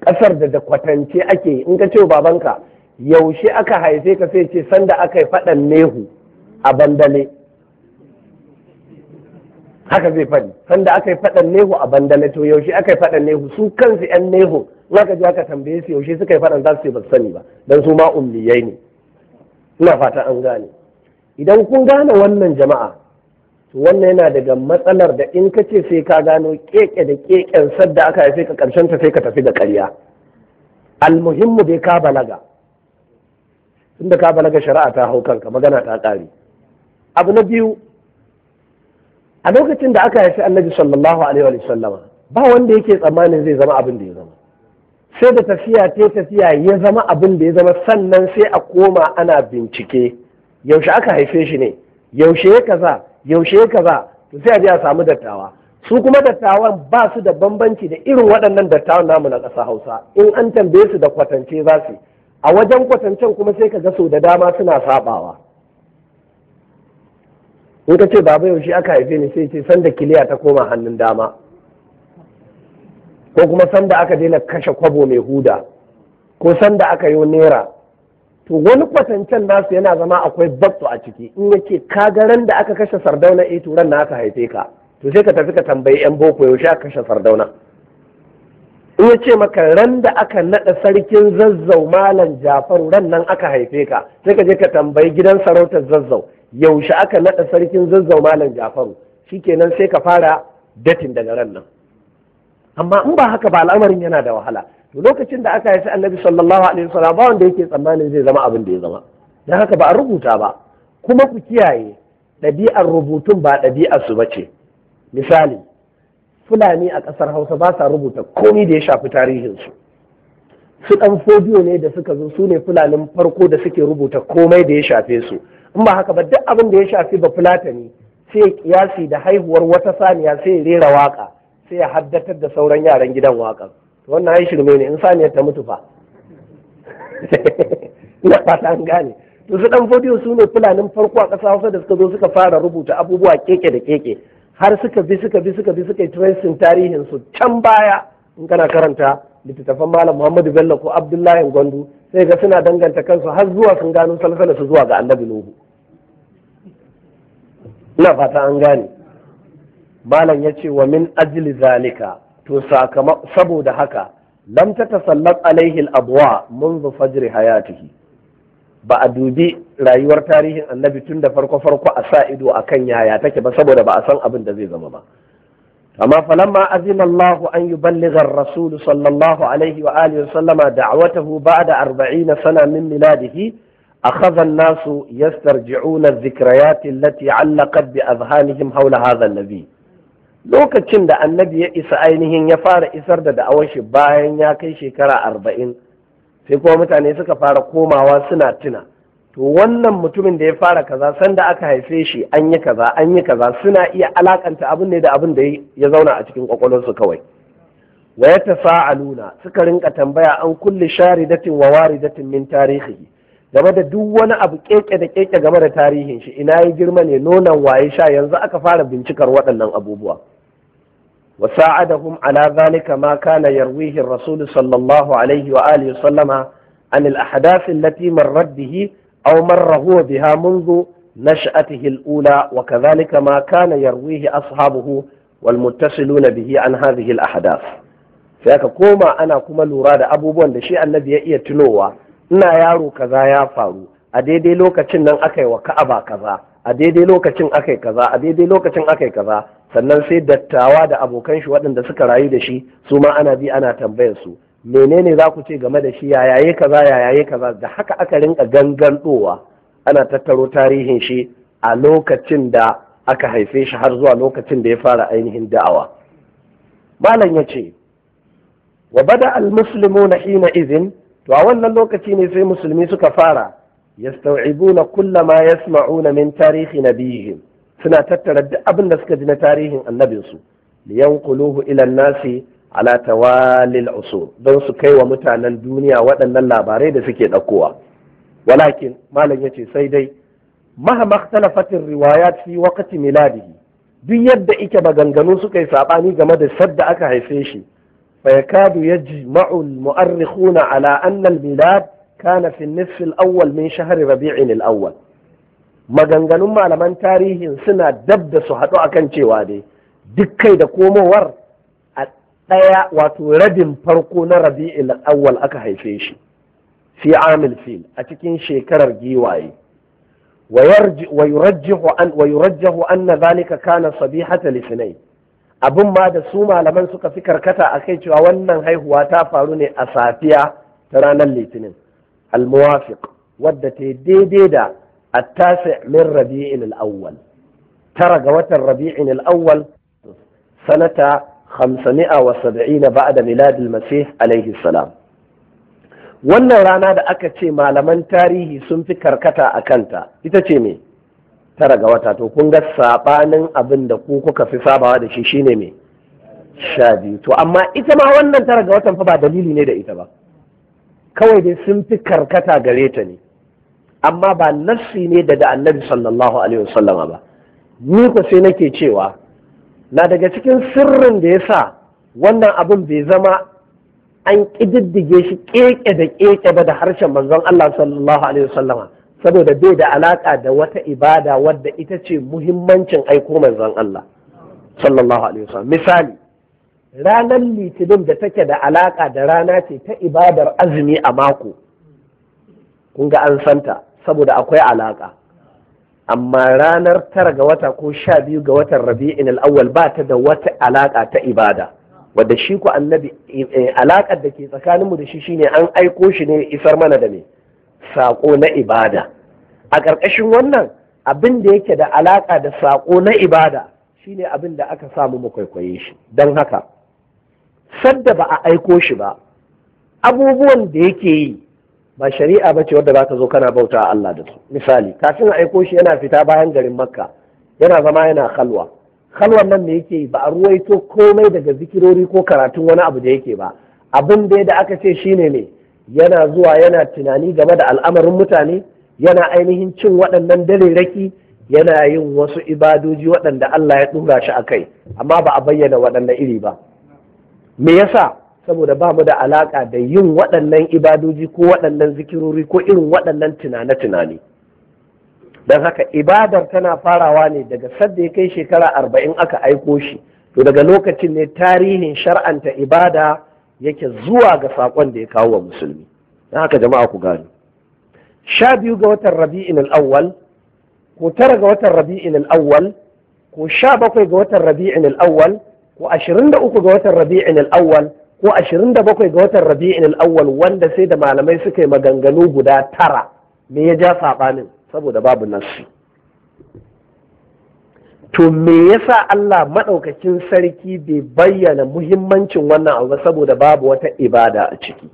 ƙasar da da kwatance ake in ka ce babanka yaushe aka haife ka sai ce sanda aka yi faɗan nehu a bandale haka zai faɗi sanda aka yi faɗan nehu a bandale to yaushe aka yi faɗan nehu su kansu 'yan nehu in aka je aka tambaye su yaushe suka yi faɗan za su ce ba sani ba don su ma ummiyai ne ina fata an gane idan kun gane wannan jama'a to wannan yana daga matsalar da in ka ce sai ka gano keke da keken sadda aka haife ka karshen ta sai ka tafi da ƙarya almuhimmu dai ka balaga tunda ka balaga shari'a ta hau kanka magana ta ƙare abu na biyu a lokacin da aka haifi annabi sallallahu alaihi wa sallama ba wanda yake tsammanin zai zama abin da ya zama sai da tafiya ta tafiya ya zama abin da ya zama sannan sai a koma ana bincike yaushe aka haife shi ne yaushe ya kaza yaushe ya kaza to sai a je a samu dattawa su kuma dattawan ba su da bambanci da irin waɗannan dattawan namu na ƙasa Hausa in an tambaye su da kwatance za su a wajen kwatancen kuma sai ka ga sau da dama suna sabawa in ka ce baba yaushe aka haife ni sai ce sanda kiliya ta koma hannun dama ko kuma sanda aka daina kashe kwabo mai huda ko sanda aka yi naira to wani kwatancen nasu yana zama akwai bakto a ciki in yake kagaran da aka kashe sardauna eh turan na aka haife ka to sai ka tafi ka tambayi yan boko yaushe aka kashe sardauna in ya maka ran da aka naɗa sarkin zazzau malam jafaru ran nan aka haife ka sai ka je ka tambayi gidan sarautar zazzau yaushe aka naɗa sarkin zazzau malam jafaru shikenan sai ka fara datin daga ran nan amma in ba haka ba al'amarin yana da wahala to lokacin da aka haifi annabi sallallahu alaihi wasallam ba wanda yake tsammanin zai zama abin da ya zama dan haka ba a rubuta ba kuma ku kiyaye ɗabi'ar rubutun ba ɗabi'ar su bace misali fulani a ƙasar hausa ba sa rubuta komai da ya shafi tarihinsu su ɗan fodiyo ne da suka zo su ne fulanin farko da suke rubuta komai da ya shafe su in ba haka ba duk abin da ya shafi ba fulatani sai ya kiyasi da haihuwar wata saniya sai ya rera waka sai ya haddatar da sauran yaran gidan waƙar wannan ai shirme ne in saniyar ta mutu fa Ina fata an gane to su dan fodiyo su ne fulanin farko a ƙasa Hausa da suka zo suka fara rubuta abubuwa keke da keke har suka bi suka bi suka bi suka yi tracing tarihin su can baya in kana karanta littattafan malam Muhammadu Bello ko Abdullahi Gwandu sai ga suna danganta kansu har zuwa sun gano salsala su zuwa ga Annabi Nuhu ina fata an gane malam ya ce wa min ajli zalika to saboda haka lam ta tasallat alaihi al-abwa منذ fajr hayatihi ba a dubi rayuwar tarihin annabi tun da farko farko a sa ido kan yaya take ba saboda ba a san abin da zai zama ba amma falamma azima Allahu an yuballigha ar-rasul sallallahu alaihi wa alihi da sallama da'watahu ba'da 40 sana min miladihi أخذ الناس يسترجعون الذكريات التي علقت بأذهانهم حول هذا النبي lokacin da annabi ya isa ainihin ya fara isar da da'awar shi bayan ya kai shekara arba'in sai kuma mutane suka fara komawa suna tuna to wannan mutumin da ya fara kaza sanda aka haife shi an yi kaza an yi kaza suna iya alakanta abin ne da abin da ya zauna a cikin kwakwalwarsu kawai wa ya tafa'aluna suka rinka tambaya an kulli sharidatin wa waridatin min tarihi game da duk wani abu keke da keke game da tarihin shi ina ya girma ne nonon waye sha yanzu aka fara bincikar waɗannan abubuwa wa sa'adahum ala zalika ma kana yarwihi rasul sallallahu alaihi wa alihi sallama an al ahdath allati marrat bihi aw marra huwa biha منذ نشأته الأولى وكذلك ما كان يرويه أصحابه والمتصلون به عن هذه الأحداث sai aka koma ana kuma lura da abubuwan da shi annabi ya iya tunowa ina yaro kaza ya faru a daidai lokacin nan aka yi wa ka'aba kaza a daidai lokacin aka yi kaza a daidai lokacin aka yi kaza sannan sai dattawa da abokan shi waɗanda suka rayu da shi su ma ana bi ana tambayar su menene za ku ce game da shi ya yaye kaza ya yaye kaza da haka aka rinka ɗowa. ana tattaro tarihin shi a lokacin da aka haife shi har zuwa lokacin da ya fara ainihin da'awa malam ya ce wa bada al-muslimuna hina izin to a wannan lokaci ne sai musulmi suka fara yastau'ibuna kullama yasma'una min tarihi nabiyihim suna tattara duk abin da suka ji na tarihin annabinsu liyanquluhu ila nasi ala tawalil usul don su kai wa mutanen duniya waɗannan labarai da suke ɗaukowa walakin malam yace sai dai mahama ikhtalafatir riwayat fi waqti miladihi duk yadda ike maganganu suka yi sabani game da sadda aka haife shi فيكاد يجمع المؤرخون على أن الميلاد كان في النصف الأول من شهر ربيع الأول maganganun malaman tarihin suna dab da su haɗu akan cewa ne? duk kai da komowar a ɗaya wato rabin farko na rabi'in awwal aka haife shi fi amil fil a cikin shekarar giwaye wa yurajjihu an zalika kana sabihata lisnai abin ma da su malaman suka fi karkata a kai cewa wannan haihuwa ta faru ne a safiya ta ranar litinin almuwafiq wadda ta daidai da attasi min rabi'in al'awwal tara ga watan rabi'in al'awwal sanata 570 ba'da miladil masih alaihi salam wannan rana da aka ce malaman tarihi sun fi karkata a kanta ita ce me tara ga wata to kun ga sabanin abin da ku kuka fi sabawa da shi shine me sha biyu to amma ita ma wannan tara ga watan fa ba dalili ne da ita ba kawai dai sun fi karkata gare ta ne amma ba nassi ne daga annabi sallallahu alaihi wasallama ba ni ko sai nake cewa na daga cikin sirrin da ya sa wannan abin bai zama an ƙididdige shi ƙeƙe da ƙeƙe ba da harshen manzon Allah sallallahu alaihi wasallama saboda bai da alaƙa da wata ibada wadda ita ce muhimmancin aiko manzon Allah sallallahu alaihi wasallam misali ranar litinin da take da alaƙa da rana ce ta ibadar azumi a mako kun ga an santa saboda akwai alaƙa. amma ranar tara ga wata ko sha biyu ga watan rabi'in al'awwal ba ta da wata alaƙa ta ibada wadda shi ku annabi eh, eh, alaƙar da ke tsakaninmu da shi shine an aiko shi ne isar mana da me saƙo na ibada a ƙarƙashin wannan abin da yake da alaƙa da saƙo na ibada shine abin da aka samu makwaikwaye shi don haka sadda ba a aiko shi ba abubuwan da yake yi ba shari'a ba ce wadda za ka zo kana bauta Allah da su misali kafin aiko shi yana fita bayan garin makka yana zama yana halwa halwan nan da yake yi ba a ruwaito komai daga zikirori ko karatun wani abu da yake ba abin da da aka ce shine ne yana zuwa yana tunani game da al'amarin mutane yana ainihin cin waɗannan dareraki yana yin wasu ibadoji waɗanda Allah ya ɗura shi a kai amma ba a bayyana waɗannan iri ba me yasa saboda ba mu da alaƙa da yin waɗannan ibadoji ko waɗannan zikirori ko irin waɗannan tunane-tunane don haka ibadar tana farawa ne daga sadda ya kai shekara arba'in aka aiko shi to daga lokacin ne tarihin shar'anta ibada yake zuwa ga saƙon da ya kawo wa musulmi don haka jama'a ku gani sha biyu ga watan rabi'in al'awwal ko tara ga watan rabi'in al'awwal ko sha bakwai ga watan rabi'in al'awwal ko ashirin da uku ga watan rabi'in al'awwal ko ashirin da bakwai ga watan rabi'in al'awwal wanda sai da malamai suka yi maganganu guda tara me ya ja saɓanin saboda babu nasu? to me yasa Allah maɗaukakin sarki bai bayyana muhimmancin wannan abu saboda babu wata ibada a ciki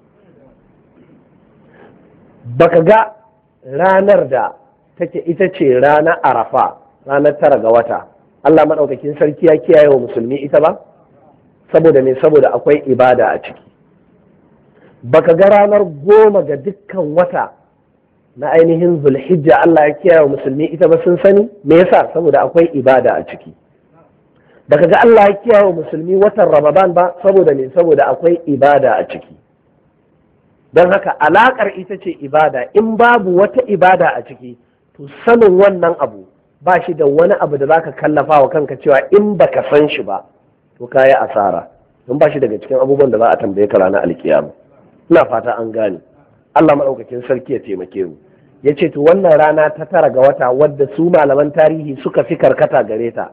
baka ga ranar da take ita ce ranar arafa ranar tara ga wata Allah maɗaukakin sarki ya kiyaye wa musulmi ita ba saboda me saboda akwai ibada a ciki baka ga ranar goma ga dukkan wata na ainihin zulhijja Allah ya kiyaye musulmi ita ba sun sani me yasa saboda akwai ibada a ciki daga ga Allah ya kiyaye musulmi watan Ramadan ba saboda ne saboda akwai ibada a ciki don haka alakar ita ce ibada in babu wata ibada a ciki to sanin wannan abu ba shi da wani abu da zaka kallafa wa kanka cewa in baka san shi ba to kayi asara don ba shi daga cikin abubuwan da za a tambaye ka ranar alkiyama ina fata an gane Allah maɗaukakin sarki ya taimake mu ya ce to wannan rana ta tara ga wata wadda su malaman tarihi suka fi karkata gare ta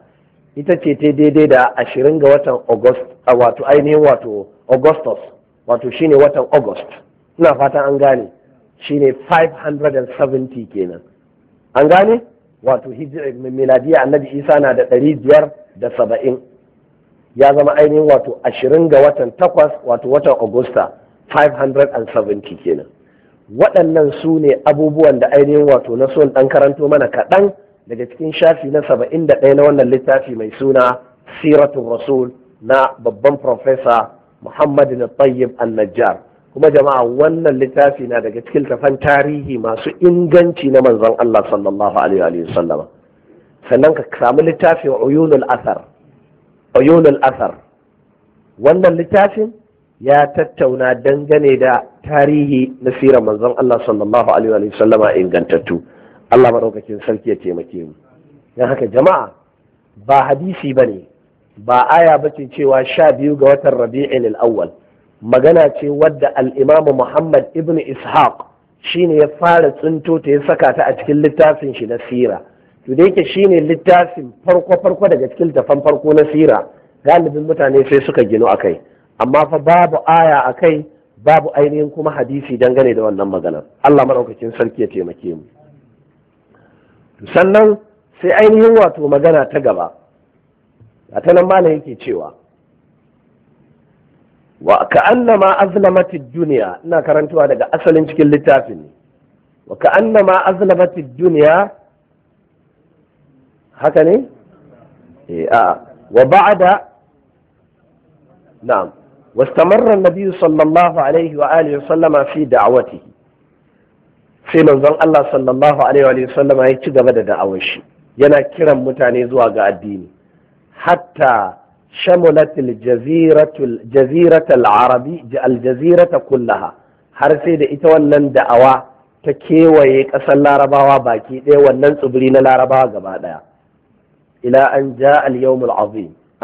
ita ce ta daidai da ashirin ga watan august wato ainihin wato augustus wato shine watan august ina fatan an gane shine 570 kenan an gane wato miladiya annabi isa na da 570 biyar da saba'in ya zama ainihin wato ashirin ga watan takwas wato watan agusta 570 kenan waɗannan su ne abubuwan da ainihin wato na son ɗan karanto mana kaɗan daga cikin shafi na saba'in da ɗaya na wannan littafi mai suna siratun rasul na babban profesa Muhammadu na tayyib al-najjar kuma jama'a wannan littafi na daga cikin tafan tarihi masu inganci na manzon allah sallallahu alaihi wa sallama sannan ka samu littafin uyunul asar uyunul asar wannan littafin ya tattauna dangane da tarihi na sirar manzon Allah sallallahu alaihi wa sallama ingantattu Allah maɗaukakin sarki ya taimake mu don haka jama'a ba hadisi ba ne ba aya ba ce cewa sha biyu ga watan rabi'in al'awwal magana ce wadda al'imamu muhammad ibn ishaq shine ya fara tsinto ta ya saka ta a cikin littafin shi na sira to da yake shine littafin farko farko daga cikin littafan farko na sira galibin mutane sai suka gino a kai amma fa babu aya a kai babu ainihin kuma hadisi dangane da wannan magana. Allah maɗaukacin sarki ya taimake mu sannan sai ainihin wato magana ta gaba a ta nan malam yake cewa wa ka'annama azlamati duniya ina karantuwa daga asalin cikin littafin ne wa ka'annama azlamati duniya haka ne eh, a wa ba'ada na'am واستمر النبي صلى الله عليه وآله وسلم في دعوته sai manzon Allah sallallahu alaihi wa sallam ya ci gaba da da'awar shi yana kiran mutane zuwa ga addini hatta shamulat al arabi al kullaha har sai da ita wannan da'awa ta kewaye ƙasar larabawa baki ɗaya wannan tsibiri na larabawa gaba ɗaya ila an ja al-yawmul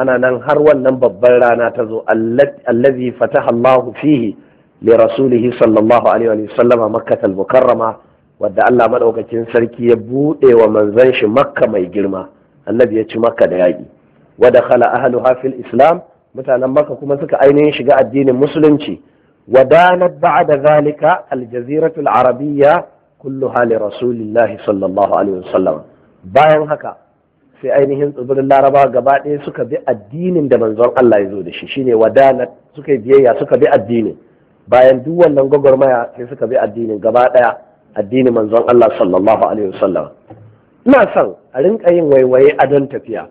ana nan har wannan babban rana ta zo allazi fataha Allahu fihi li rasulihi sallallahu alaihi wa sallama makkah al-mukarrama wanda Allah madaukakin sarki ya bude wa manzon shi makka mai girma annabi ya ci makka da yaki wa dakhala ahlu hafil islam mutanen makka kuma suka ainihin shiga addinin musulunci wa danat ba'da zalika al-jaziratu arabiyya kulluha li rasulillahi sallallahu alaihi wa sallam bayan haka sai ainihin tsibirin laraba gaba ɗaya suka bi addinin da manzon Allah ya zo da shi shine wadana suka yi biyayya suka bi addinin bayan duk wannan maya sai suka bi addinin gaba ɗaya addinin manzon Allah sallallahu alaihi wasallam ina son a rinka yin waiwaye a don tafiya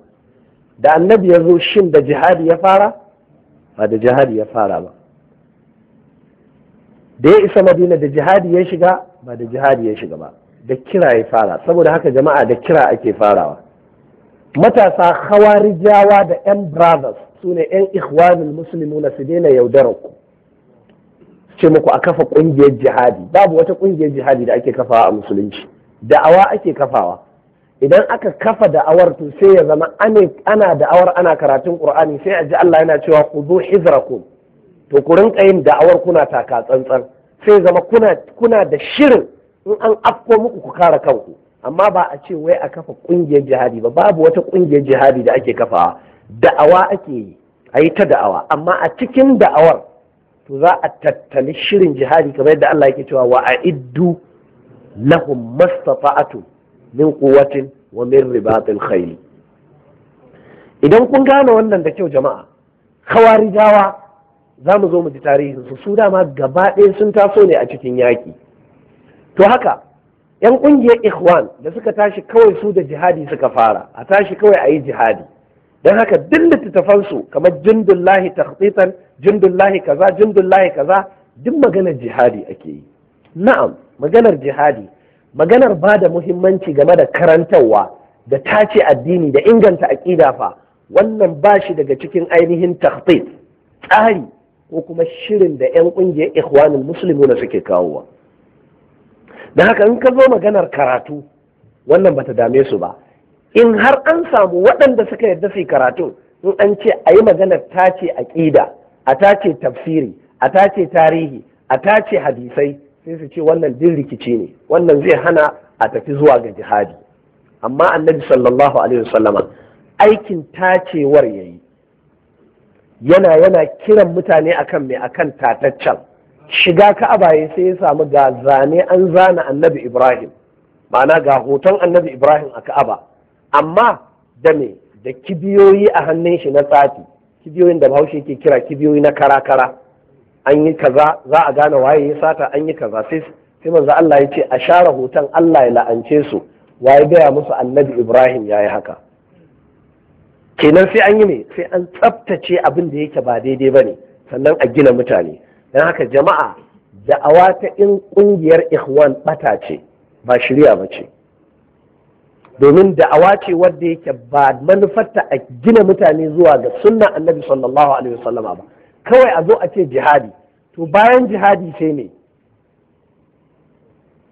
da annabi ya zo shin da jihadi ya fara ba da jihadi ya fara ba da ya isa madina da jihadi ya shiga ba da jihadi ya shiga ba da kira ya fara saboda haka jama'a da kira ake farawa matasa hawarijawa da yan brothers su ne yan ikhwanul na su daina yaudarar ce muku a kafa ƙungiyar jihadi babu wata ƙungiyar jihadi da ake kafawa a musulunci da'awa ake kafawa idan aka kafa da'awar to sai ya zama ana da'awar ana karatun ƙur'ani sai a ji Allah yana cewa ku zo hizraku to ku rinka yin da'awar kuna taka tsantsan sai ya zama kuna da shirin in an afko muku ku kare kanku amma ba a ce wai a kafa ƙungiyar jihadi ba babu wata ƙungiyar jihadi da ake kafawa da'awa ake yi a yi ta da'awa amma a cikin da'awar to za a tattali shirin jihadi kamar yadda Allah yake cewa wa a'iddu lahum mastata'atu min quwwatin wa min ribatil khayl idan kun gane wannan da kyau jama'a khawarijawa za mu zo mu ji tarihin su su dama gaba ɗaya sun taso ne a cikin yaƙi to haka yan ƙungiyar ikhwan da suka tashi kawai su da jihadi suka fara a tashi kawai a yi jihadi don haka duk littattafansu kamar jundullahi takhtitan jundullahi kaza jundullahi kaza duk maganar jihadi ake yi na'am maganar jihadi maganar ba da muhimmanci game da karantarwa da tace addini da inganta aƙida fa wannan ba shi daga cikin ainihin takhtit tsari ko kuma shirin da 'yan ƙungiyar ikhwanul muslimuna suke kawowa Da haka in ka zo maganar karatu wannan bata dame su ba in har an samu waɗanda suka yarda su karatu in an ce a yi maganar tace aƙida a tace tafsiri a tace tarihi a tace hadisai sai su ce wannan din rikici ne wannan zai hana a tafi zuwa ga jihadi amma annabi sallallahu alaihi wasallama aikin tacewar yayi yana yana kiran mutane akan mai akan tataccen shiga ka'aba ya sai ya samu ga zane an zana annabi ibrahim ma'ana ga hoton annabi ibrahim a ka'aba amma da me da kibiyoyi a hannun shi na tsafi kibiyoyin da bahaushe ke kira kibiyoyi na kara-kara an yi kaza za a gane waye ya sata an yi kaza sai sai manzo Allah ya ce a share hoton Allah ya la'ance su waye gaya musu annabi ibrahim ya yi haka kenan sai an yi ne sai an tsaftace abin da yake ba daidai ba ne sannan a gina mutane don haka jama'a da'awa ta in ƙungiyar ikhwan bata ce ba shirya ba ce domin da'awa ce wadda yake ba manufarta a gina mutane zuwa ga sunna annabi sallallahu alaihi wasallama ba kawai a zo a ce jihadi to bayan jihadi sai ne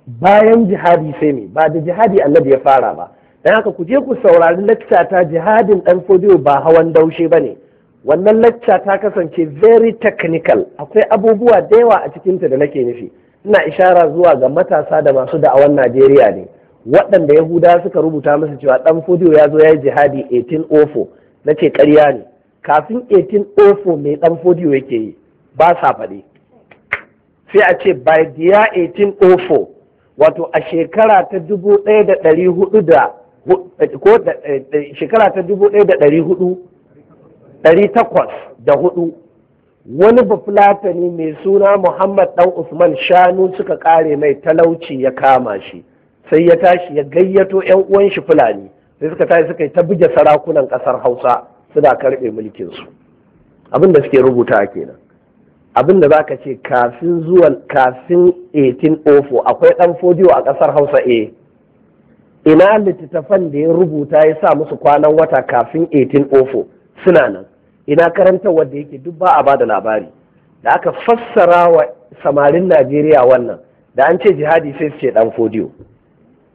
bayan jihadi sai ne ba da jihadi annabi ya fara ba dan haka ku je ku saurari lakta ta jihadin dan fodiyo ba hawan daushe ba ne. wannan lacca ta kasance very technical akwai abubuwa da yawa a cikinta da nake nufi ina ishara zuwa ga matasa da masu da'awar najeriya ne waɗanda yahuda suka rubuta masa cewa dan fudiyo ya zo ya yi jihadi 1804 na ce ƙarya ne kafin 1804 mai dan fodiyo yake yi ba sa faɗi sai a ce by the year 1804 wato a shekara ta dubu ɗaya da ɗari hudu da ko eh, eh, shekara ta dubu ɗaya da ɗari hudu ɗari takwas da hudu wani bafulatani mai suna muhammad ɗan usman shanu suka ƙare mai talauci ya kama shi sai ya tashi ya gayyato 'yan uwan shi fulani sai suka tashi suka yi ta buge sarakunan ƙasar hausa suna karɓe mulkinsu abin da suke rubuta kenan abin da ka ce kafin zuwan kafin 1804 akwai ɗan fodiyo a ƙasar hausa eh ina littattafan da ya rubuta ya sa musu kwanan wata kafin 1804 suna nan ina karantar wadda yake duk ba a da labari da aka fassara wa samarin najeriya wannan da an ce jihadi sai su ce dan fodiyo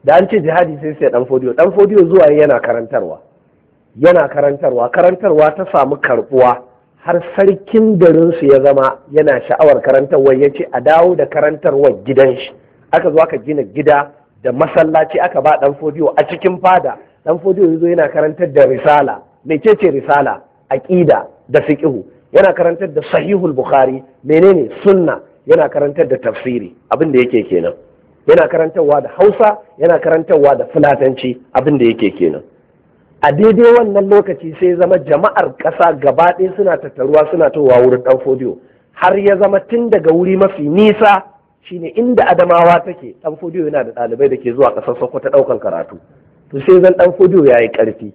da an ce jihadi sai su ce dan fodiyo dan fodiyo zuwa yana karantarwa yana karantarwa karantarwa ta samu karbuwa har sarkin garinsu ya zama yana sha'awar karantarwa ya ce a dawo da karantarwar gidan shi aka zo aka gina gida da masallaci aka ba dan fodiyo a cikin fada dan fodiyo yazo yana karantar da risala ce ce risala aqida da fiqhu yana karantar da sahihul bukhari menene sunna yana karantar da tafsiri abin da yake kenan yana karantarwa da hausa yana karantarwa da fulatanci abin da yake kenan a daidai wannan lokaci sai zama jama'ar ƙasa gaba ɗaya suna tattaruwa suna towa wurin ɗan fodiyo har ya zama tun daga wuri mafi nisa shine inda adamawa take ɗan fodiyo yana da ɗalibai da ke zuwa ƙasar sokoto ɗaukar karatu to sai zan ɗan fodiyo ya yi ƙarfi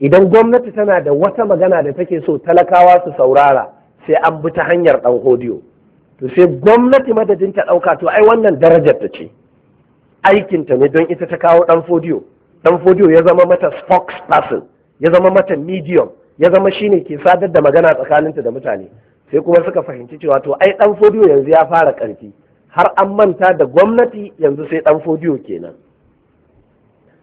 idan gwamnati tana da wata magana da take so talakawa su saurara sai an bi ta hanyar ɗan hodiyo to sai gwamnati madadin ta ɗauka to ai wannan darajar ta ce aikinta ne don ita ta kawo ɗan fodiyo ɗan fodiyo ya zama mata spokesperson ya zama mata medium ya zama shine ke sadar da magana tsakaninta da mutane sai kuma suka fahimci cewa to ai ɗan fodiyo yanzu ya fara ƙarfi har an manta da gwamnati yanzu sai ɗan fodiyo kenan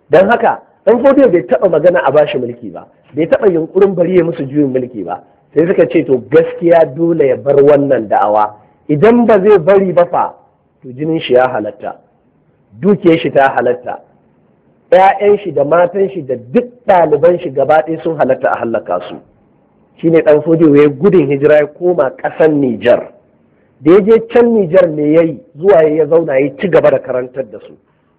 don haka Ɗan godiyo bai taɓa magana a bashi mulki ba bai taɓa yunkurin bari ya musu juyin mulki ba sai suka ce to gaskiya dole ya bar wannan da'awa idan ba zai bari ba fa to jinin shi ya halatta dukiyar shi ta halatta ƴaƴan shi da matan shi da duk ɗaliban shi gaba ɗaya sun halatta a halaka su shine ɗan fodiyo ya gudun hijira ya koma ƙasar Nijar da ya je can Nijar me yayi zuwa ya zauna ya ci gaba da karantar da su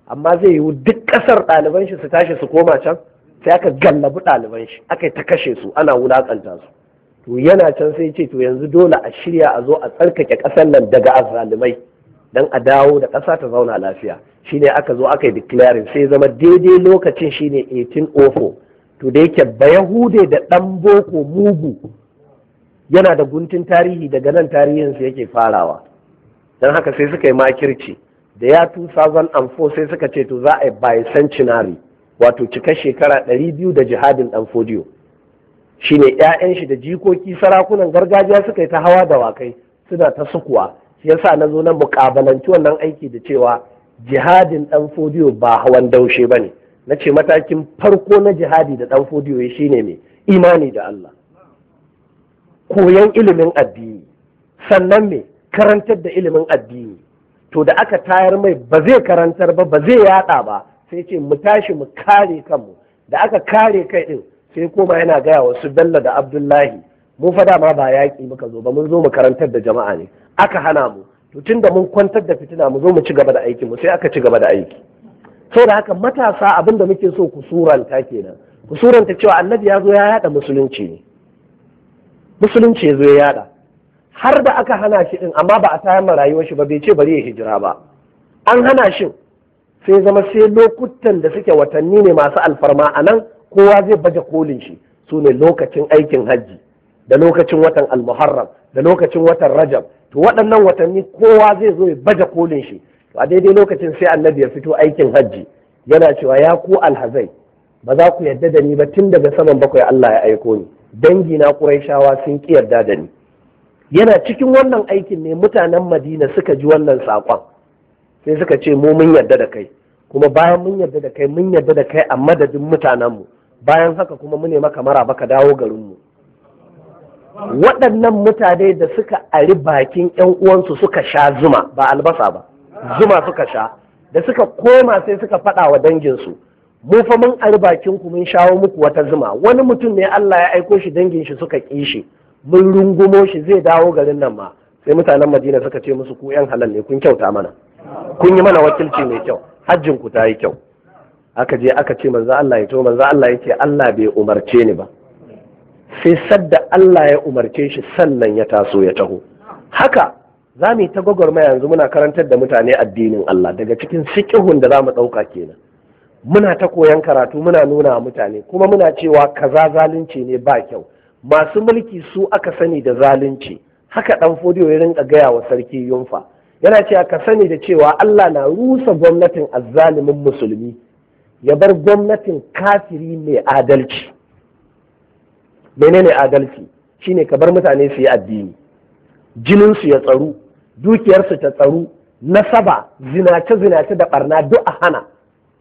amma zai yiwu duk ƙasar ɗaliban shi su tashi su koma can sai aka gallabi ɗaliban shi aka ta kashe su ana wulaƙanta su to yana can sai ce to yanzu dole a shirya a zo a tsarkake ƙasar nan daga azalimai dan a dawo da ƙasa ta zauna lafiya shine aka zo aka yi declaring sai zama daidai lokacin shine 1804 to da yake bayahude da ɗan boko mugu yana da guntun tarihi daga nan tarihinsu yake farawa don haka sai suka yi makirci da ya 2004 sai suka ce to za a yi cinari, wato cika shekara 200 da jihadin dan fodiyo shine 'ya'yan shi da jikoki sarakunan gargajiya suka yi ta hawa da wakai suna ta sukuwa shi yasa na zo na mukabalanci wannan aiki da cewa jihadin dan fodiyo ba hawan daushe ba ne na ce matakin farko na jihadi da dan fodiyo ya shine mai imani da Allah koyan ilimin addini sannan mai karantar da ilimin addini to da aka tayar mai ba zai karantar ba ba zai yada ba sai ce mu tashi mu kare kanmu da aka kare kai din sai koma yana gaya wa su bello da abdullahi mu fada ma ba yaƙi muka zo ba mun zo mu karantar da jama'a ne aka hana mu to tun da mun kwantar da fitina mu zo mu ci gaba da aikin mu sai aka ci gaba da aiki da haka matasa abinda muke so ku suranta kenan ku suranta cewa annabi ya zo ya yada musulunci ne musulunci ya zo ya yada har da aka hana shi ɗin amma ba a tayar ma rayuwar shi ba bai ce bari ya hijira ba an hana shi sai zama sai lokutan da suke watanni ne masu alfarma a nan kowa zai baje kolin shi su ne lokacin aikin hajji da lokacin watan almuharram da lokacin watan rajab to waɗannan watanni kowa zai zo ya baje kolin shi a daidai lokacin sai annabi ya fito aikin hajji yana cewa ya ku alhazai ba za ku yarda da ni ba tun daga saman bakwai Allah ya aiko ni dangi na Qurayshawa sun ki yarda da ni yana cikin wannan aikin ne mutanen madina suka ji wannan saƙon sai suka ce mu mun yarda da kai kuma bayan mun yarda da kai mun yarda da kai a madadin mutanenmu bayan haka kuma mu maka mara ka dawo garinmu waɗannan mutane da suka ari bakin ƴan uwansu suka sha zuma ba albasa ba zuma suka sha da suka koma sai suka faɗa wa danginsu mu fa mun ari bakin ku mun shawo muku wata zuma wani mutum ne Allah ya aiko shi dangin shi suka ƙi mun rungumo shi zai dawo garin nan ma sai mutanen madina suka ce musu ku yan halal ne kun kyauta mana kun yi mana wakilci mai kyau hajjin ku ta yi kyau aka je aka ce manzo Allah ya to manzo Allah yake Allah bai umarce ni ba sai sadda Allah ya umarce shi sannan ya taso ya taho haka za mu yi ta gwagwarmaya yanzu muna karantar da mutane addinin Allah daga cikin sikihun da za mu ɗauka kenan muna ta koyan karatu muna nuna mutane kuma muna cewa kaza zalunci ne ba kyau masu mulki su aka sani da zalunci haka dan fodiyo ya rinka gaya wa sarki yunfa yana cewa ka sani da cewa Allah na rusa gwamnatin azzalumin musulmi ya bar gwamnatin kafiri mai adalci menene adalci shine ka bar mutane su yi addini jininsu ya tsaru dukiyarsu ta tsaru nasaba zinace zinace da barna duk a hana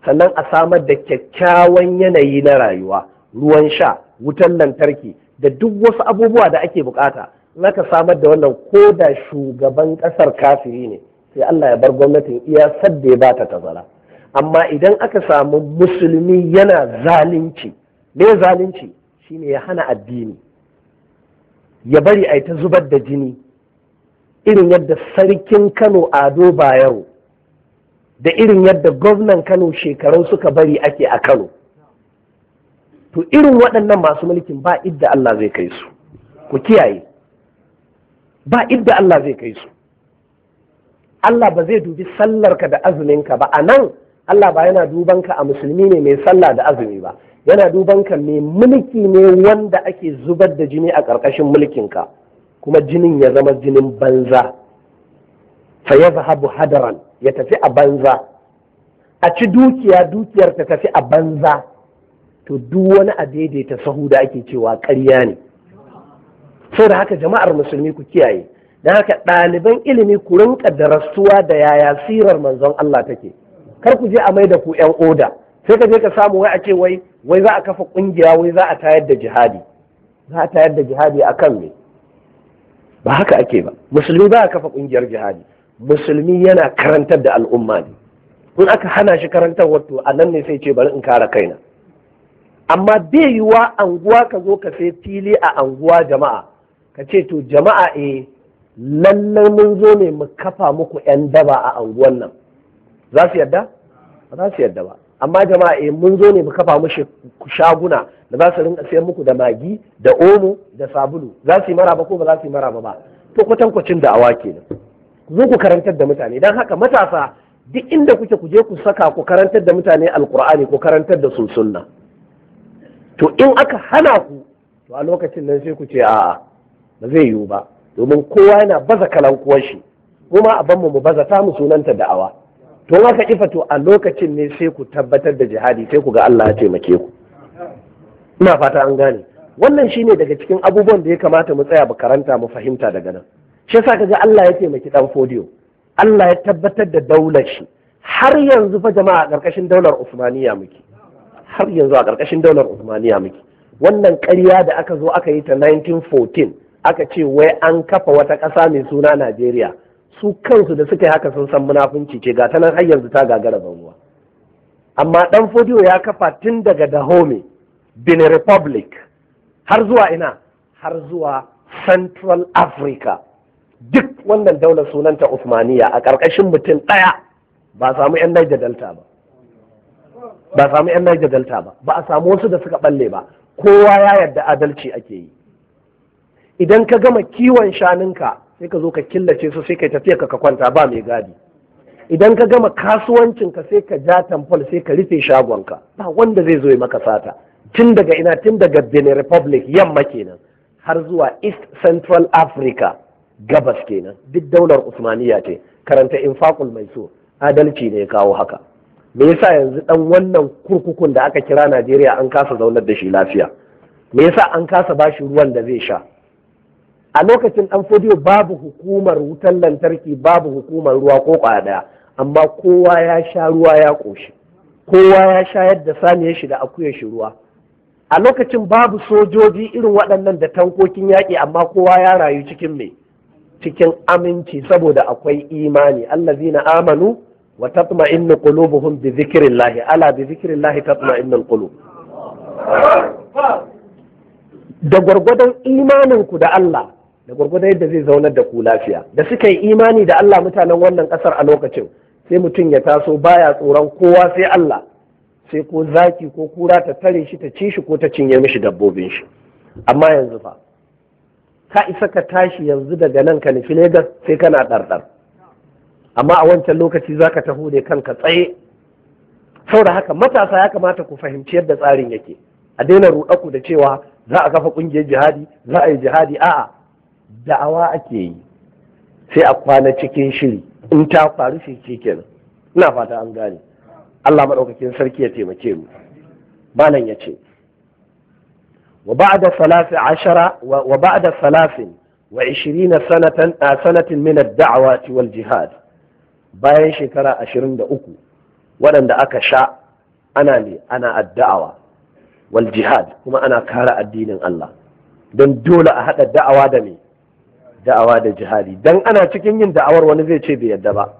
sannan a samar da kyakkyawan yanayi na rayuwa ruwan sha wutan lantarki da duk wasu abubuwa da ake bukata zaka samar da wannan ko da shugaban kasar kafiri ne sai Allah ya bar gwamnatin iya sadda ya bata tazara amma idan aka samu musulmi yana zalunci me zalunci shine ya hana addini ya bari a ta zubar da jini irin yadda sarkin Kano Ado Bayero da irin yadda gwamnan Kano shekarun suka bari ake a Kano to irin waɗannan masu mulkin ba idda Allah zai kai su ku kiyaye ba idda Allah zai kai su Allah ba zai dubi sallarka da azuminka ba a nan Allah ba yana duban ka a musulmi ne mai sallah da azumi ba yana duban ka mai mulki ne wanda ake zubar da jini a ƙarƙashin mulkinka kuma jinin ya zama jinin banza fa ya zahabu hadaran ya tafi a banza a ci dukiya dukiyar ta tafi a banza to duk wani a daidaita sahu da ake cewa ƙarya ne da haka jama'ar musulmi ku kiyaye don haka ɗaliban ilimi ku rinka da rasuwa da yaya sirar manzon Allah take kar ku je a mai da ku yan oda sai ka je ka samu wai a ce wai wai za a kafa ƙungiya wai za a tayar da jihadi za a tayar da jihadi a kan me ba haka ake ba musulmi ba a kafa ƙungiyar jihadi musulmi yana karantar da al'umma ne in aka hana shi karantar wato a nan ne sai ce bari in kare kaina amma bai yiwa anguwa ka zo ka sai fili a anguwa jama'a ka ce to jama'a eh lallai mun zo ne mu kafa muku 'yan daba a anguwan nan za su yadda za su yadda ba amma jama'a eh mun zo ne mu kafa mu shaguna da za su rinka sayar muku da magi da omo da sabulu za su yi maraba ko ba za su yi maraba ba to kwatankwacin da awa kenan zo ku karantar da mutane don haka matasa duk inda kuke ku je ku saka ku karantar da mutane alkur'ani ku karantar da sun sunna to in aka hana ku to a lokacin nan sai ku ce a'a ba zai yiwu ba domin kowa yana baza kalankuwar shi kuma a banmu mu baza ta mu sunanta da'awa to aka ifa to a lokacin ne sai ku tabbatar da jihadi sai ku ga Allah ya taimake ku ina fata an gane wannan shine daga cikin abubuwan da ya kamata mu tsaya mu karanta mu fahimta daga nan shi yasa kaga Allah ya taimaki dan fodiyo Allah ya tabbatar da daular shi har yanzu fa jama'a karkashin daular Usmaniya muke har yanzu a ƙarƙashin daular Usmaniya muke wannan ƙarya da aka zo aka yi ta 1914 aka ce wai an kafa wata ƙasa mai suna Najeriya su kansu da suka yi haka sun san munafunci ce ga ta nan har yanzu ta gagara ruwa amma ɗan fodiyo ya kafa tun daga Dahome Benin Republic har zuwa ina har zuwa Central Africa duk wannan daular sunanta Usmaniya a ƙarƙashin mutum ɗaya ba samu 'yan Niger Delta ba ba a samu yan Niger Delta ba ba a samu wasu da suka balle ba kowa ya yarda adalci ake yi idan ka gama kiwon shanunka sai ka zo ka killace su sai ka tafiya ka kwanta ba mai gadi idan ka gama kasuwancinka sai ka ja tamfol sai ka rufe shagonka ba wanda zai zo maka sata tun daga ina tun daga Benin Republic yamma kenan har zuwa East Central Africa gabas kenan duk daular usmaniyya ce karanta infaqul mai so adalci ne ya kawo haka me yasa yanzu dan wannan kurkukun da aka kira Najeriya an kasa zaunar da shi lafiya me yasa an kasa bashi ruwan da zai sha a lokacin dan fodiyo babu hukumar wutar lantarki babu hukumar ruwa ko daya amma kowa ya sha ruwa ya koshi kowa ya shayar da saniyar shi da akuya shi ruwa a lokacin babu sojoji irin waɗannan da tankokin yaƙi amma kowa ya rayu cikin me cikin aminci saboda akwai imani allazina amanu wa tatma'innu qulubuhum bi dhikrillahi ala bi dhikrillahi tatma'innul da gwargwadon imaninku da Allah da gwargwadon yadda zai zaunar da ku lafiya da suka yi imani da Allah mutanen wannan kasar a lokacin sai mutum ya taso baya tsoron kowa sai Allah sai ko zaki ko kura ta tare shi ta ci shi ko ta cinye mishi dabbobin shi amma yanzu fa ka isa ka tashi yanzu daga nan ka nufi Legas sai kana ɗarɗar amma a wancan lokaci za ka taho ne kanka tsaye saboda haka matasa ya kamata ku fahimci yadda tsarin yake a daina ku da cewa za a kafa ƙungiyar jihadi za a yi jihadi a'a da'awa ake yi sai a kwana cikin shiri in ta faru shi kenan ina fata an gane Allah maɗaukakin sarki ya taimake mu malam ya ce wa ba'da salasi ashara wa ba'da salasin wa ishirina sanatan sanatin min ad-da'wati wal jihad bayan shekara ashirin da uku waɗanda aka sha ana ne ana addawa wal jihad kuma ana kara addinin Allah don dole a haɗa da'awa da me da'awa da jihadi don ana cikin yin da'awar wani zai ce bai yadda ba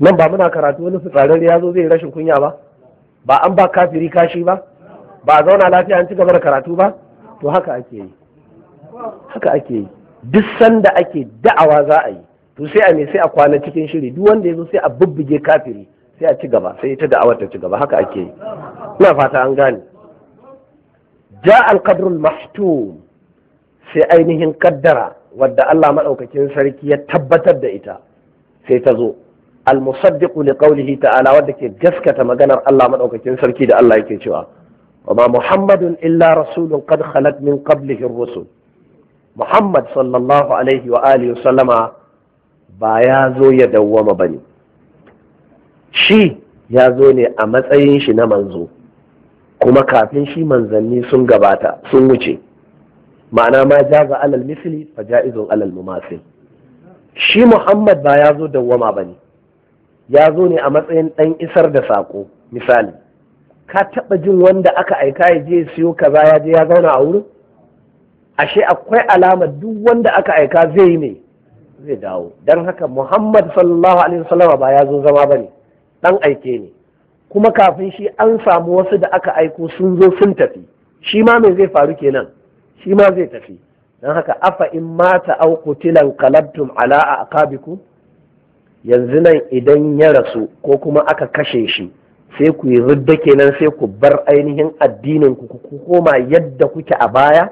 nan ba muna karatu wani fitsarar ya zo zai rashin kunya ba ba an ba kafiri kashi ba ba a zauna lafiya an ci gaba da karatu ba to haka ake yi haka ake yi duk sanda ake da'awa za a yi to sai a me sai a kwana cikin shiri duk wanda yazo sai a bubbuge kafiri sai a ci gaba sai ita da'awar ta ci gaba haka ake yi ina fata an gane ja al-qadrul mahtum sai ainihin kaddara wadda Allah madaukakin sarki ya tabbatar da ita sai ta zo al-musaddiqu li qawlihi ta'ala wadda ke gaskata maganar Allah madaukakin sarki da Allah yake cewa وما محمد إلا رسول قد خلت من قبله الرسل محمد صلى الله عليه وآله وسلم ba ya zo ya dawwama ba ne shi ya zo ne a matsayin shi na manzo kuma kafin shi manzanni sun gabata sun wuce ma'ana ma jaza alal misli fa ja'izun alal mumasil shi muhammad ba ya zo dawwama ba ne ya zo ne a matsayin ɗan isar da saƙo misali ka taɓa jin wanda aka aika ya je siyo kaza ya je ya zauna a wurin ashe akwai alamar duk wanda aka aika zai yi ne zai dawo don haka muhammad sallallahu alaihi wasallama ba ya zo zama ba ne ɗan aike ne kuma kafin shi an samu wasu da aka aiko sun zo sun tafi shi ma me zai faru kenan shi ma zai tafi don haka afa in mata au qutilan qalabtum ala aqabikum yanzu nan idan ya rasu ko kuma aka kashe shi sai ku yi rudda kenan sai ku bar ainihin addinin ku ku koma yadda kuke a baya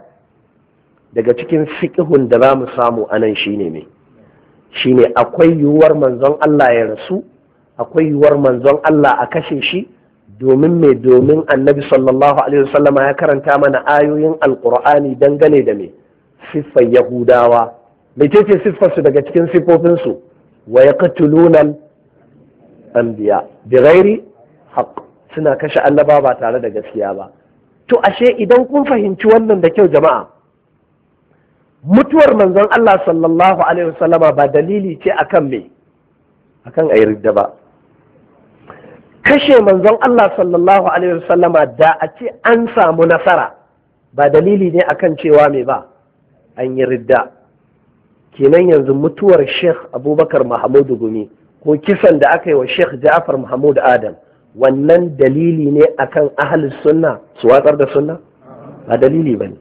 daga cikin fiƙihun da za mu samu anan shine ne shine akwai yiwuwar manzon Allah ya rasu akwai yiwuwar manzon Allah a kashe shi domin mai domin annabi sallallahu alaihi wasallama ya karanta mana ayoyin alkur'ani dangane da me siffar yahudawa mecece siffarsu daga cikin siffofinsu wa ya yaqtuluna anbiya bi ghairi haqq suna kashe annaba ba tare da gaskiya ba to ashe idan kun fahimci wannan da kyau jama'a mutuwar manzon Allah sallallahu alaihi wasallama ba dalili ce akan me akan ayi ridda ba kashe manzon Allah sallallahu alaihi wasallama da a ce an samu nasara ba dalili ne akan cewa me ba an yi ridda kenan yanzu mutuwar sheikh abubakar mahamudu gumi ko kisan da aka yi wa sheikh ja'far mahamudu adam wannan dalili ne akan ahalus sunna su watsar da sunna ba dalili ba ne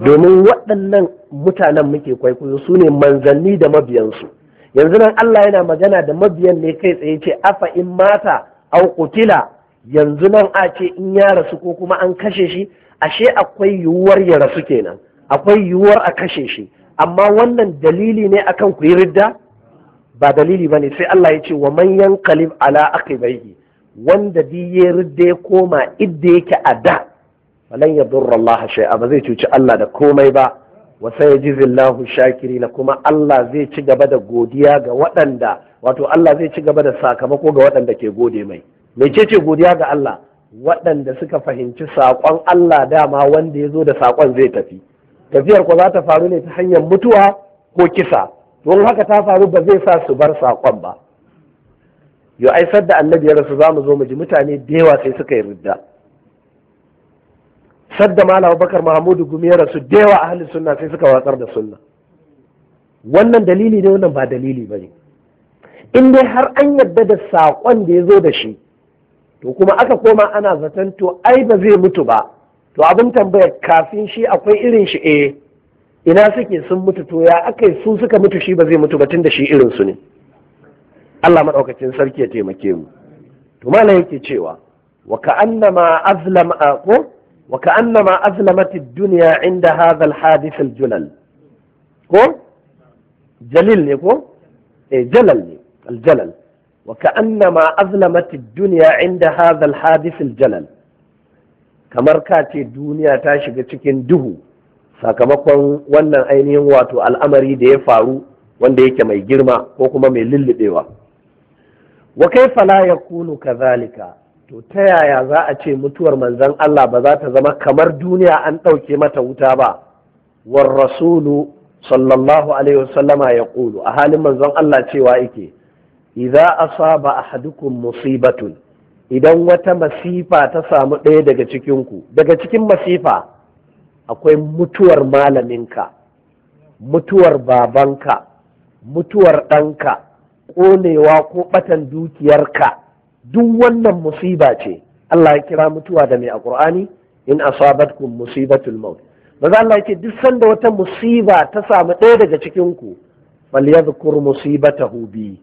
domin waɗannan mutanen muke kwaikwayo su ne manzanni da mabiyansu yanzu nan Allah yana magana da mabiyan ne kai tsaye ce afa in mata au kutila yanzu nan a ce in ya rasu ko kuma an kashe shi ashe akwai yiwuwar ya rasu kenan akwai yiwuwar a kashe shi amma wannan dalili ne akan ku yi ridda ba dalili ba ne sai Allah ya ce wa manyan yanqalib ala aqibaihi wanda bi ridda ya koma idda yake a da falan durra Allah shay'a ba zai cuci Allah da komai ba wa jizillahu shakiri shakirina kuma Allah zai ci gaba da godiya ga waɗanda wato Allah zai ci gaba da sakamako ga waɗanda ke gode mai mecece godiya ga Allah waɗanda suka fahimci saƙon Allah dama wanda ya zo da saƙon zai tafi tafiyar ko za ta faru ne ta hanyar mutuwa ko kisa don haka ta faru ba zai sa su bar saƙon ba yo ai da annabi ya rasu za mu zo mu ji mutane da yawa sai suka yi ridda sadda malam bakar mahamudu gumiyar ya rasu da yawa sunna sai suka watsar da sunna wannan dalili ne wannan ba dalili ba ne in dai har an yadda da saƙon da ya zo da shi to kuma aka koma ana zaton to ai ba zai mutu ba to abin tambayar kafin shi akwai irin shi eh ina suke sun mutu to ya aka yi su suka mutu shi ba zai mutu ba tun da shi irin su ne Allah maɗaukacin sarki ya taimake mu to malam yake cewa wa ka'annama a ko wa ka'annama azlamat ad-dunya inda hadha al jalal ne al-jalal wa ka'annama inda hadha al-hadith jalal kamar kace duniya ta shiga cikin duhu sakamakon wannan ainihin wato al'amari da ya faru wanda yake mai girma ko kuma mai lullubewa wa kaifa la yakunu kadhalika to ta yaya za a ce mutuwar manzan Allah ba za ta zama kamar duniya an ɗauke mata wuta ba war rasulu sallallahu alaihi wasallama ya ƙulu a halin manzon Allah cewa yake idza asaba ahadukum musibatun idan wata masifa ta samu ɗaya daga cikinku daga cikin masifa akwai mutuwar malaminka mutuwar babanka mutuwar ɗanka ƙonewa ko ɓatan dukiyarka duk wannan musiba ce Allah ya kira mutuwa da mai a in asabatkum musibatul maut maza Allah yake duk sanda wata musiba ta samu ɗaya daga cikin ku yadhkur musibatahu bi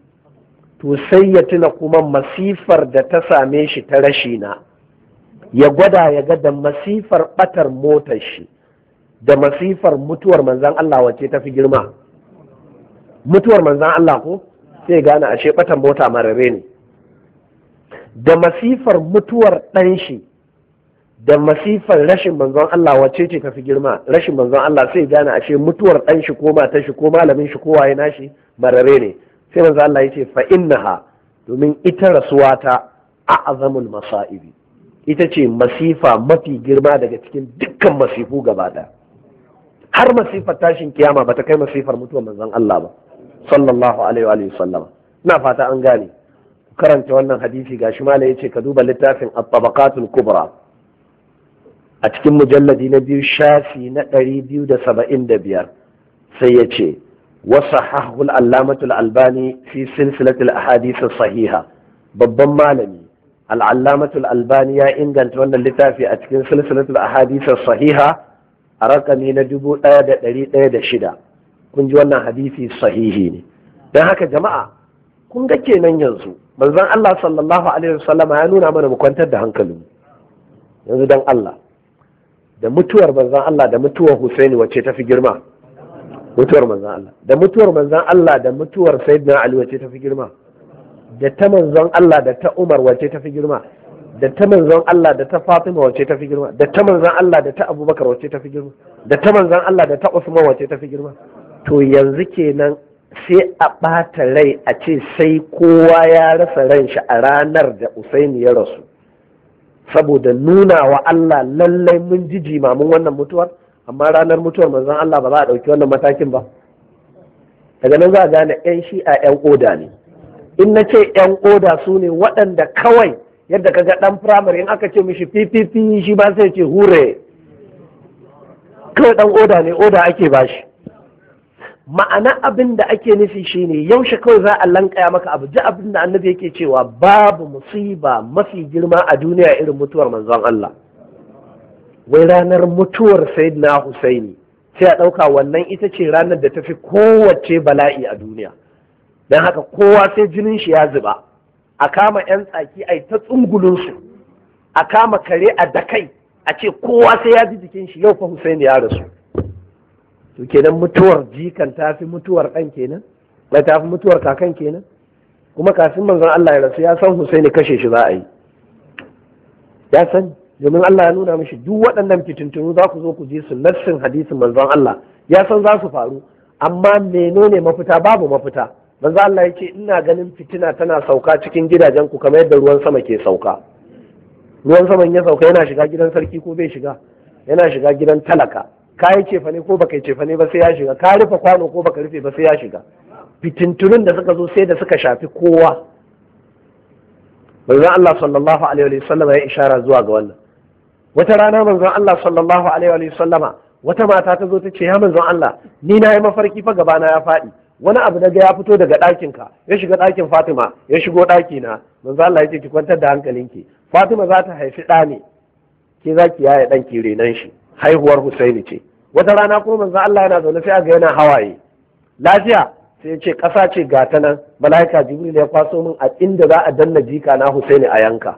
to sai ya tuna kuma masifar da ta same shi ta rashi na ya gwada ya ga da masifar batar motar shi da masifar mutuwar manzan Allah wacce ta fi girma mutuwar manzan Allah ko sai gane ashe batar mota marare ne da masifar mutuwar ɗan shi da masifar rashin manzon Allah wacce ce tafi girma rashin manzon Allah sai gane ce mutuwar ɗan shi ko matar shi ko malamin shi ko waye nashi barare ne sai manzon Allah ya ce fa innaha domin ita rasuwa ta a'zamul masa'ibi ita ce masifa mafi girma daga cikin dukkan masifu gaba har masifar tashin kiyama bata kai masifar mutuwar manzon Allah ba sallallahu alaihi wa sallam. ina fata an gane karanta wannan hadisi gashi mala yace ka duba littafin at-tabaqatul kubra a cikin mujalladi na biyu shafi na ɗari biyu da saba'in da biyar sai ya ce wasu hahul allamatul albani fi silsilatul sahiha babban malami al'allamatul albani ya inganta wannan littafi a cikin silsilatul ahadisa sahiha a rakami na dubu ɗaya da ɗari ɗaya da shida kun ji wannan hadisi sahihi ne dan haka jama'a kun ga kenan yanzu manzon Allah sallallahu alaihi wasallam ya nuna mana mu kwantar da hankalin yanzu don Allah da mutuwar manzon Allah da mutuwar Husaini wacce ta fi girma mutuwar manzon Allah da mutuwar manzon Allah da mutuwar Sayyidina Ali wacce ta fi girma da ta manzon Allah da ta Umar wacce ta fi girma da ta manzon Allah da ta Fatima wacce ta fi girma da ta manzon Allah da ta Abubakar wacce ta fi girma da ta manzon Allah da ta Usman wacce ta fi girma to yanzu kenan sai a ɓata rai a ce sai kowa ya rasa ran shi a ranar da usaini ya rasu saboda nuna wa Allah lallai mun ji jimamin wannan mutuwar amma ranar mutuwar manzon Allah ba za a ɗauki wannan matakin ba daga nan za a gane 'yan shi'a 'yan oda ne in na ce 'yan oda su ne waɗanda kawai yadda ka ga ɗan firamare in aka ce mishi ppp shi ba sai ce hure kawai ɗan oda ne oda ake bashi ma'ana abin da ake nufi shi ne yaushe kawai za a lankaya maka abu ji abin da annabi yake cewa babu musiba mafi girma a duniya irin mutuwar manzon Allah wai ranar mutuwar sayyidina Husaini sai a ɗauka wannan ita ce ranar da tafi kowace bala'i a duniya don haka kowa sai jinin shi ya zuba a kama 'yan tsaki a ta tsungulun su a kama kare a dakai a ce kowa sai ya ji jikin shi yau fa Husaini ya rasu to kenan mutuwar jikan ta fi mutuwar ɗan kenan ba ta fi mutuwar kakan kenan kuma kafin manzon Allah ya rasu ya san Husaini kashe shi za a yi ya san domin Allah ya nuna mishi duk waɗannan fitintunu za ku zo ku ji su nassin hadisin manzon Allah ya san za su faru amma menene mafita babu mafita manzon Allah ya ce ina ganin fitina tana sauka cikin gidajen ku kamar yadda ruwan sama ke sauka ruwan saman ya sauka yana shiga gidan sarki ko bai shiga yana shiga gidan talaka ka yi cefane ko baka yi cefane ba sai ya shiga ka rufe kwano ko baka rufe ba sai ya shiga fitintunun da suka zo sai da suka shafi kowa manzon Allah sallallahu alaihi wa sallama ya ishara zuwa ga wannan wata rana manzon Allah sallallahu alaihi wa sallama wata mata ta zo ta ce ya manzon Allah ni na yi mafarki fa gaba na ya faɗi wani abu na ga ya fito daga ɗakin ka ya shiga ɗakin Fatima ya shigo ɗaki na manzon Allah ya ki kwantar da hankalinki Fatima za ta haifi ɗa ne ke za ki yaye ɗan ki renan shi haihuwar Husaini ce wata rana kuma manzo Allah yana zaune sai ga yana hawaye lafiya sai ya ce ƙasa ce ga ta nan malaika Jibril ya kwaso min a inda za a danna jika na Husaini a yanka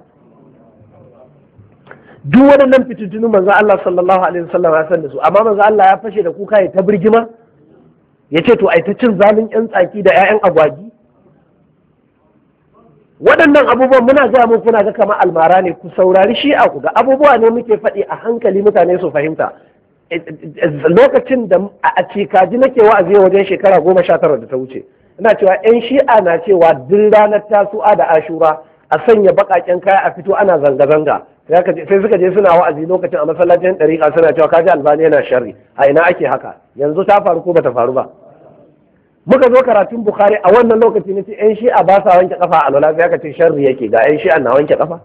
duk waɗannan fitintunu manzo Allah sallallahu alaihi wasallam ya san da su amma manzo Allah ya fashe da kuka ya ta birgima ya to ai ta cin zalin yan tsaki da ƴaƴan agwagi waɗannan abubuwan muna gaya muku kuna ga kamar almara ne ku saurari shi'a ku ga abubuwa ne muke faɗi a hankali mutane su fahimta lokacin da a cikaji nake wa'azi wajen shekara goma sha tara da ta wuce ina cewa yan shi'a na cewa duk ranar tasu'a da ashura a sanya baƙaƙen kaya a fito ana zanga-zanga sai suka je suna wa'azi lokacin a masallacin ɗariƙa suna cewa kaji albani yana sharri a ina ake haka yanzu ta faru ko bata faru ba muka zo karatun bukhari a wannan lokaci na ce yan shi'a ba sa wanke kafa a lola ya ce sharri yake ga yan shi'a na wanke kafa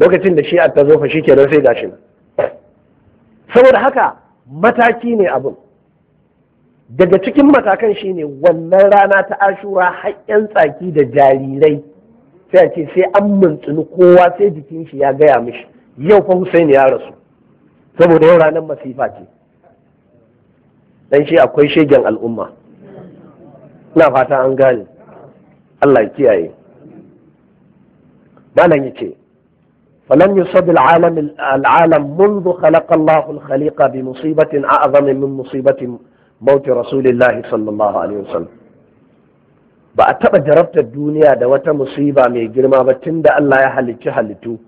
lokacin da shi'a ta zo fa shikenan sai gashi saboda haka mataki ne abin daga cikin matakan shi ne wannan rana ta ashura har tsaki da jarirai sai a ce sai an mintsini kowa sai jikin shi ya gaya mishi yau fa ya rasu saboda yau ranar masifa ce dan shi akwai shegen al'umma ina fata an gane Allah kiyaye malam yace فلم يصب العالم العالم منذ خلق الله الخليقة بمصيبة أعظم من مصيبة موت رسول الله صلى الله عليه وسلم ba a taɓa jarabtar duniya da wata musiba mai girma ba tun da Allah ya halicci halittu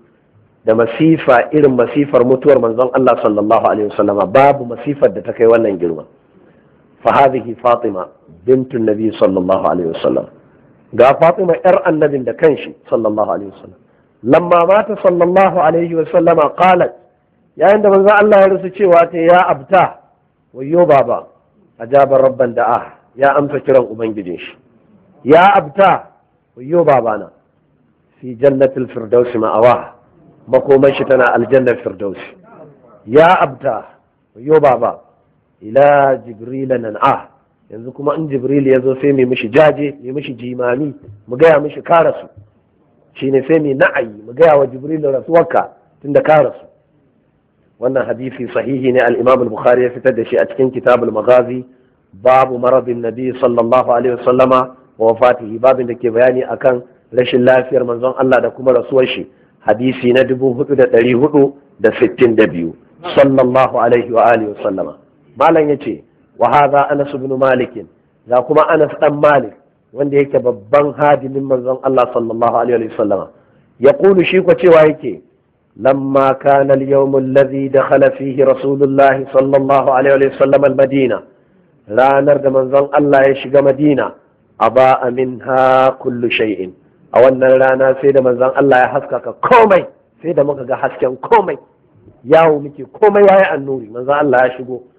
da masifa irin masifar mutuwar manzon Allah sallallahu alaihi wasallama babu masifar da ta kai wannan girma فهذه فاطمة بنت النبي صلى الله عليه وسلم قال فاطمة ار النبي دكنش صلى الله عليه وسلم لما مات صلى الله عليه وسلم قالت يا عند من الله واتي يا أبتاه ويو بابا أجاب ربا دعاه يا أمس كرم أبنجديش يا أبتاه ويو بابانا في جنة الفردوس ما أواه مقومشتنا الجنة الفردوس يا أبتاه ويو بابا ila jibrila nan a yanzu kuma in jibril ya zo sai mai mishi jaje mai mishi jimami mu gaya mishi ka rasu shine sai mai na'ayi mu gaya wa jibril rasuwarka tunda ka rasu wannan hadisi sahihi ne al-imam al-bukhari ya fitar da shi a cikin kitabul maghazi babu maradin nabi sallallahu alaihi wasallama wa wafatihi babin da ke bayani akan rashin lafiyar manzon Allah da kuma rasuwar shi hadisi na 4462 sallallahu alaihi wa alihi wasallama malam yace wa hadha anas ibn malik ga kuma anas dan malik wanda yake babban hadimin manzon Allah sallallahu alaihi wa sallam shi ko cewa yake lamma kana al-yawm alladhi dakhala fihi rasulullah sallallahu alaihi wa sallam al-madina ranar da manzon Allah ya shiga madina aba minha kullu shay'in a wannan rana sai da manzon Allah ya haskaka komai sai da muka ga hasken komai yawo muke komai waye annuri manzon Allah ya shigo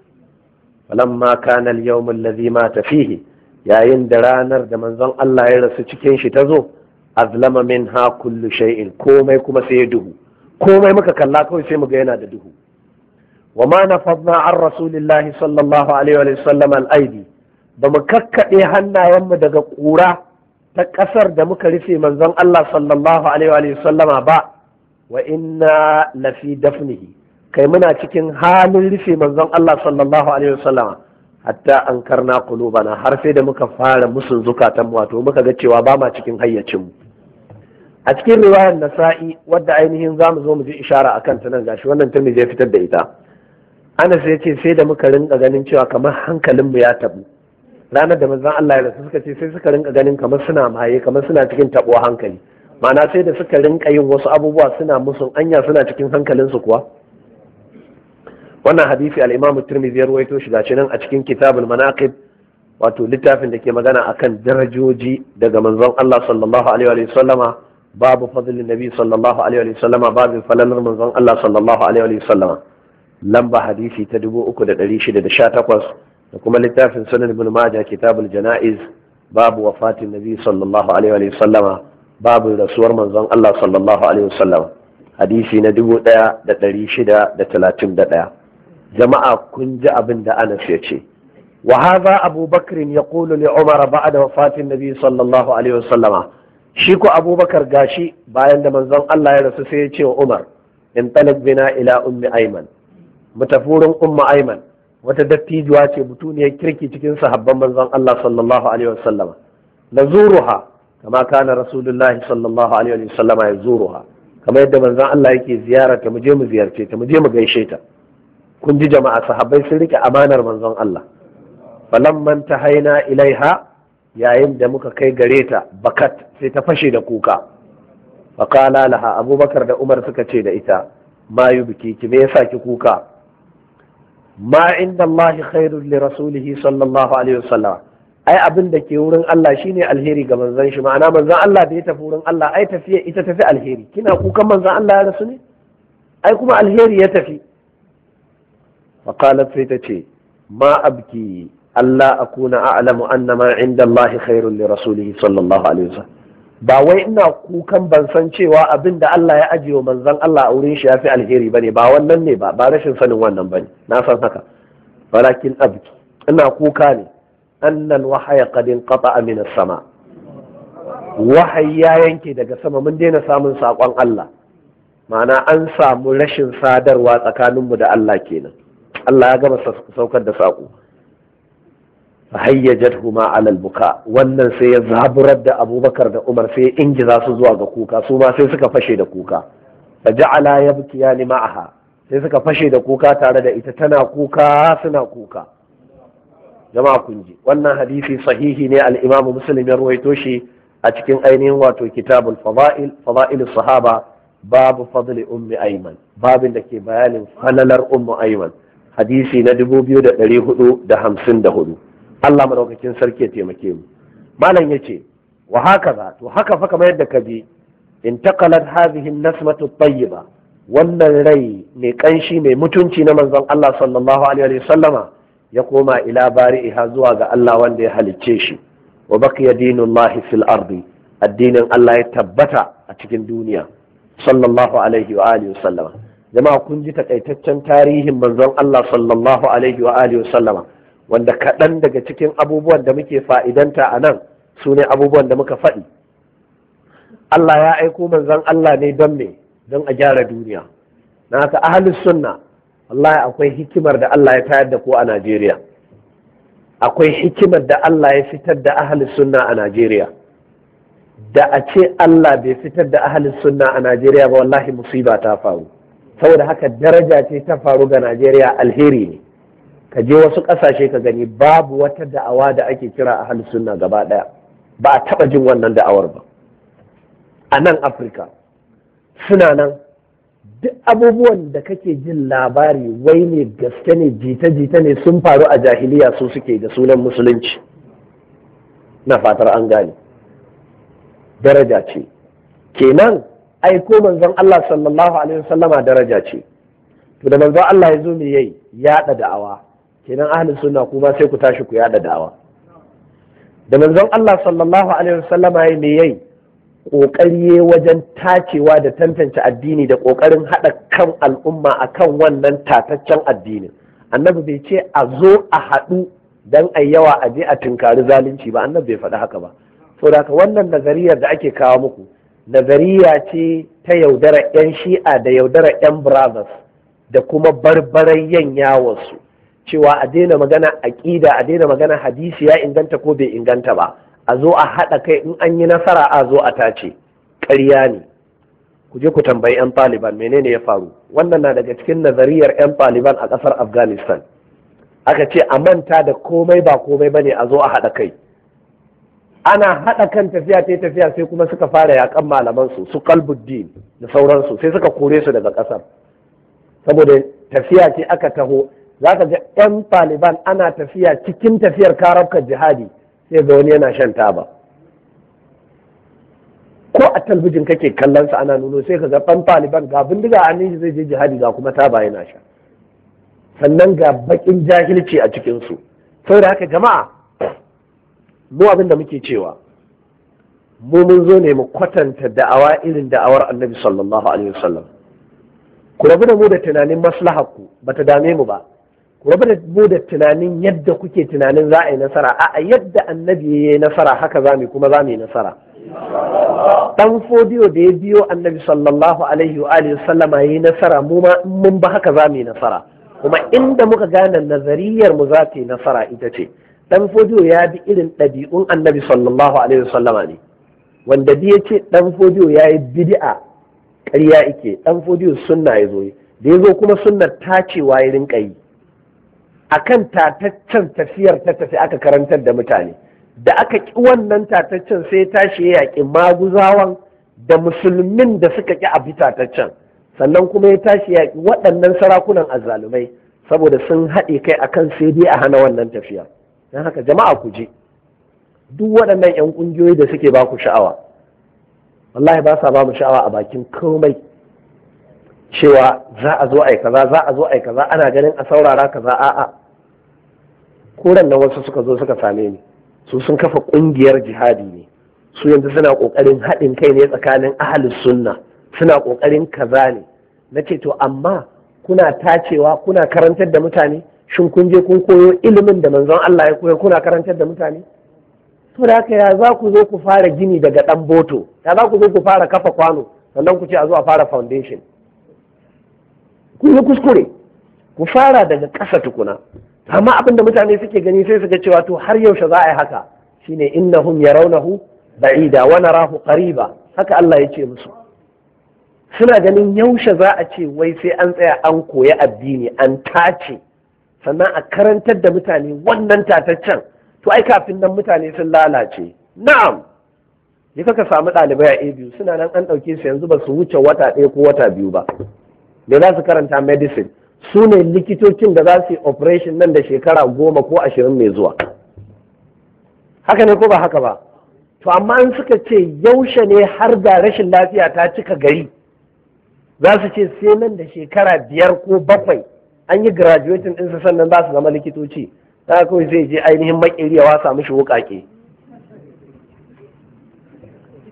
falamma kana al-yawm alladhi mata yayin da ranar da manzon Allah ya rasu cikin shi ta zo azlama minha kullu shay'in komai kuma sai ya duhu komai muka kalla kawai sai muga yana da duhu wa ma nafadna an rasulillahi sallallahu alaihi wa sallam al-aidi ba mu kakkade hannayenmu daga kura ta kasar da muka rufe manzon Allah sallallahu alaihi wa sallama ba wa inna lafi dafnihi kai muna cikin halin rufe manzon Allah sallallahu alaihi wasallama hatta an karna kulubana har sai da muka fara musun zukatan wato muka ga cewa ba ma cikin hayyacin mu a cikin riwayar nasa'i wadda ainihin za mu zo mu ji ishara a kanta nan gashi wannan turmi zai fitar da ita anas ya ce sai da muka rinka ganin cewa kamar hankalinmu ya tabu ranar da manzon Allah ya rasu suka ce sai suka rinka ganin kamar suna maye kamar suna cikin tabo hankali ma'ana sai da suka rinka yin wasu abubuwa suna musu anya suna cikin hankalinsu kuwa wannan hadisi al-Imam Tirmidhi ya ruwaito shi gashi nan a cikin Kitabul Manaqib wato littafin da ke magana akan darajoji daga manzon Allah sallallahu alaihi wa sallama babu fadlin nabi sallallahu alaihi wa sallama babu falalar manzon Allah sallallahu alaihi wa sallama lamba hadisi ta 3618 da kuma littafin sunan ibn majah kitabul janaiz babu wafatin nabi sallallahu alaihi wa sallama babu rasuwar manzon Allah sallallahu alaihi wa sallama hadisi na 1631 jama'a kun ji abin da Anas ya ce wa ya Abu Bakr yaqulu li Umar ba'da wafatin Nabi sallallahu alaihi wasallama shi ko Abubakar gashi bayan da manzon Allah ya rasu sai ya ce wa Umar in talab bina ila ummi Ayman mutafurin umma Ayman wata dattijuwa ce mutuniyar kirki cikin sahabban manzon Allah sallallahu alaihi wasallama nazuruha kama kana rasulullahi sallallahu alaihi ya zuruha. kamar yadda manzon Allah yake ziyararta mu je mu ziyarce ta mu je mu gaishe ta kun ji jama'a sahabbai sun rike amanar manzon Allah man ta haina ilaiha yayin da muka kai gare ta bakat sai ta fashe da kuka faƙala laha abubakar da umar suka ce da ita ma bikiki ki me yasa ki kuka ma inda Allah li rasulihi sallallahu alaihi wasallam ai abin da ke wurin Allah shine alheri ga manzon shi ma'ana manzon Allah da ya tafi wurin Allah ai tafiya ita tafi alheri kina kukan manzon Allah ya rasu ne ai kuma alheri ya tafi faqalat sai ta ce ma abki Allah akuna a'lamu anna ma inda sallallahu alaihi ba wai ina kukan ban san cewa abin da Allah ya ajiye manzon Allah a wurin shi yafi alheri bane ba wannan ne ba ba rashin sanin wannan bane na san haka walakin abki ina kuka ne annal wahaya qad inqata min as-sama wahayi ya yanke daga sama mun daina samun sakon Allah ma'ana an samu rashin sadarwa tsakaninmu da Allah kenan Allah ya gama saukar da saƙo hayyajat huma alal buka wannan sai ya zaburar da abubakar da umar sai ya ingiza su zuwa ga kuka su ma sai suka fashe da kuka fa ja'ala yabkiyani ma'aha sai suka fashe da kuka tare da ita tana kuka suna kuka jama'a kun ji wannan hadisi sahihi ne al-imamu muslim ya ruwaito shi a cikin ainihin wato kitabul fada'il fada'il sahaba babu fadli ummi ayman babin da ke bayanin falalar ummu ayman hadisi na dubu biyu da ɗari hudu da hamsin da hudu Allah madaukakin sarki ya taimake mu malam ya ce wa haka za to haka fa kamar yadda ka ji intaqalat hadhihi an-nasmatu tayyiba wannan rai mai kanshi mai mutunci na manzon Allah sallallahu alaihi wa sallama ya koma ila bari'iha zuwa ga Allah wanda ya halicce shi wa baqiya dinullahi fil ardi addinin Allah ya tabbata a cikin duniya sallallahu alaihi wa alihi wa sallama jama'a kun ji takaitaccen tarihin manzon Allah sallallahu alaihi wa alihi wasallama wanda kaɗan daga cikin abubuwan da muke fa'idanta a nan su ne abubuwan da muka faɗi Allah ya aiko manzon Allah ne don me don a gyara duniya na ta ahalin sunna wallahi akwai hikimar da Allah ya tayar da ku a Najeriya akwai hikimar da Allah ya fitar da ahalin sunna a Najeriya da a ce Allah bai fitar da ahalin sunna a Najeriya ba wallahi musiba ta faru saboda haka daraja ce ta faru ga Najeriya alheri ne ka je wasu ƙasashe ka gani babu wata da'awa da ake kira a sunna gaba ɗaya ba a taɓa jin wannan da'awar ba a nan afirka suna nan duk abubuwan da kake jin labari wai ne gaske ne jita-jita ne sun faru a jahiliya su suke da sunan musulunci na fatar an gane daraja ce kenan aiko manzon Allah sallallahu alaihi wasallama daraja ce to da manzon Allah ya zo me yayi yada da'awa kenan ahlus sunna ku sai ku tashi ku yada da'awa da manzon Allah sallallahu alaihi wasallama ya me yayi kokari wajen tacewa da tantance addini da kokarin hada kan al'umma akan wannan tataccen addinin annabi bai ce a zo a haɗu dan a yawa a je a tunkari zalunci ba annabi bai faɗi haka ba saboda haka wannan nazariyar da ake kawo muku nazariya ce ta yaudara 'yan shi'a da yaudara 'yan brothers da kuma barbaran yan yawansu cewa a daina magana aƙida a daina magana hadisi ya inganta ko bai inganta ba a zo a haɗa kai in an yi nasara a zo a tace ƙarya ne ku je ku tambayi 'yan taliban menene ya faru wannan na daga cikin nazariyar 'yan taliban a ƙasar afghanistan aka ce a manta da komai ba komai ba ne a zo a haɗa kai ana haɗa kan tafiya ta tafiya sai kuma suka fara yaƙan malamansu su kalbuddin da sauransu sai suka kore su daga ƙasar saboda tafiya ce aka taho za ka ga 'yan taliban ana tafiya cikin tafiyar karabkar jihadi sai ga wani yana shan taba ko a talbijin kake kallon sa ana nuno sai ka ga ɗan taliban ga bindiga a zai je jihadi ga kuma taba yana sha sannan ga baƙin jahilci a cikin cikinsu saboda haka jama'a mu abin da muke cewa mu mun zo ne mu kwatanta da'awa irin da'awar annabi sallallahu alaihi wasallam ku rabu da mu da tunanin maslahar ku ba ta dame mu ba ku rabu da mu da tunanin yadda kuke tunanin za a yi nasara a yadda annabi ya yi nasara haka za mu kuma za mu yi nasara dan fodiyo da ya biyo annabi sallallahu alaihi wa alihi sallama yi nasara mu ma mun ba haka za mu yi nasara kuma inda muka gane nazariyar mu za ta yi nasara ita ce Ɗan fodiyo ya bi irin ɗabi'un annabi sallallahu alaihi wasallama ne wanda bi ya ce dan fodiyo ya yi karya ƙarya ike dan fodiyo sunna ya zo da ya zo kuma sunnar tacewa ya rinka yi kan tataccen tafiyar ta tafi aka karantar da mutane da aka ƙi wannan tataccen sai ya tashi ya yaƙi maguzawan da musulmin da suka ƙi bi tataccen sannan kuma ya tashi ya yaƙi waɗannan sarakunan azzalumai saboda sun haɗe kai akan sai dai a hana wannan tafiyar don haka jama'a ku je duk waɗannan 'yan ƙungiyoyi da suke ba ku sha'awa wallahi ba sa ba mu sha'awa a bakin komai cewa za a zo ai kaza za a zo ai kaza ana ganin a saurara kaza a'a koran nan wasu suka zo suka same ni su sun kafa ƙungiyar jihadi ne su yanzu suna ƙoƙarin haɗin kai ne tsakanin ahalus sunna suna ƙoƙarin kaza ne na ce to amma kuna tacewa kuna karantar da mutane shin kun je kun koyo ilimin da manzon Allah ya koyar kuna karantar da mutane saboda haka ya za ku zo ku fara gini daga ɗan boto ya za ku zo ku fara kafa kwano sannan ku ce a zo a fara foundation ku yi kuskure ku fara daga ƙasa tukuna amma da mutane suke gani sai su ga cewa to har yaushe za a yi haka shine innahum yarawnahu ba'ida wa narahu qariba haka Allah ya ce musu suna ganin yaushe za a ce wai sai an tsaya an koya addini an tace sannan a karantar da mutane wannan tataccen to ai kafin nan mutane sun lalace na'am ya kaka samu ɗalibai a ABU. suna nan an ɗauke su yanzu ba su wuce wata ɗaya ko wata biyu ba da za su karanta medicine su ne likitocin da za su yi operation nan da shekara goma ko ashirin mai zuwa haka ne ko ba haka ba to amma in suka ce yaushe ne har da rashin lafiya ta cika gari za su ce sai nan da shekara biyar ko bakwai an yi graduating ɗinsa sannan za su zama likitoci ta kawai zai je ainihin makiri ya wasa mishi wukake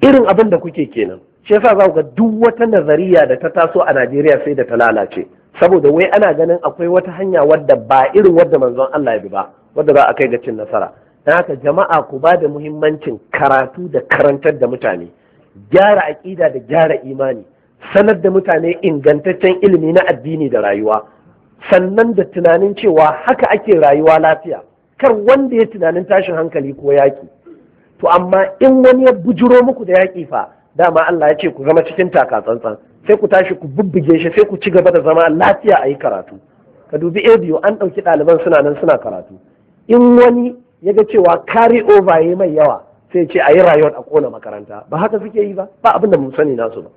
irin abin da kuke kenan shi yasa za ku ga duk wata nazariya da ta taso a Najeriya sai da ta lalace saboda wai ana ganin akwai wata hanya wadda ba irin wadda manzon Allah ya bi ba wadda za a kai ga cin nasara Na haka jama'a ku ba da muhimmancin karatu da karantar da mutane gyara aƙida da gyara imani sanar da mutane ingantaccen ilimi na addini da rayuwa sannan da tunanin cewa haka ake rayuwa lafiya kar wanda ya tunanin tashin hankali ko yaƙi to amma in wani ya bujiro muku da yaƙi fa dama Allah ya ce ku zama cikin taka tsantsan, sai ku tashi ku bubbuge shi sai ku ci gaba da zama lafiya a yi karatu ka dubi biyu an ɗauki ɗaliban suna nan suna karatu in wani ya ga cewa carry over ya mai yawa sai ce a yi rayuwar a ƙona makaranta ba haka suke yi ba ba abin da mu sani nasu ba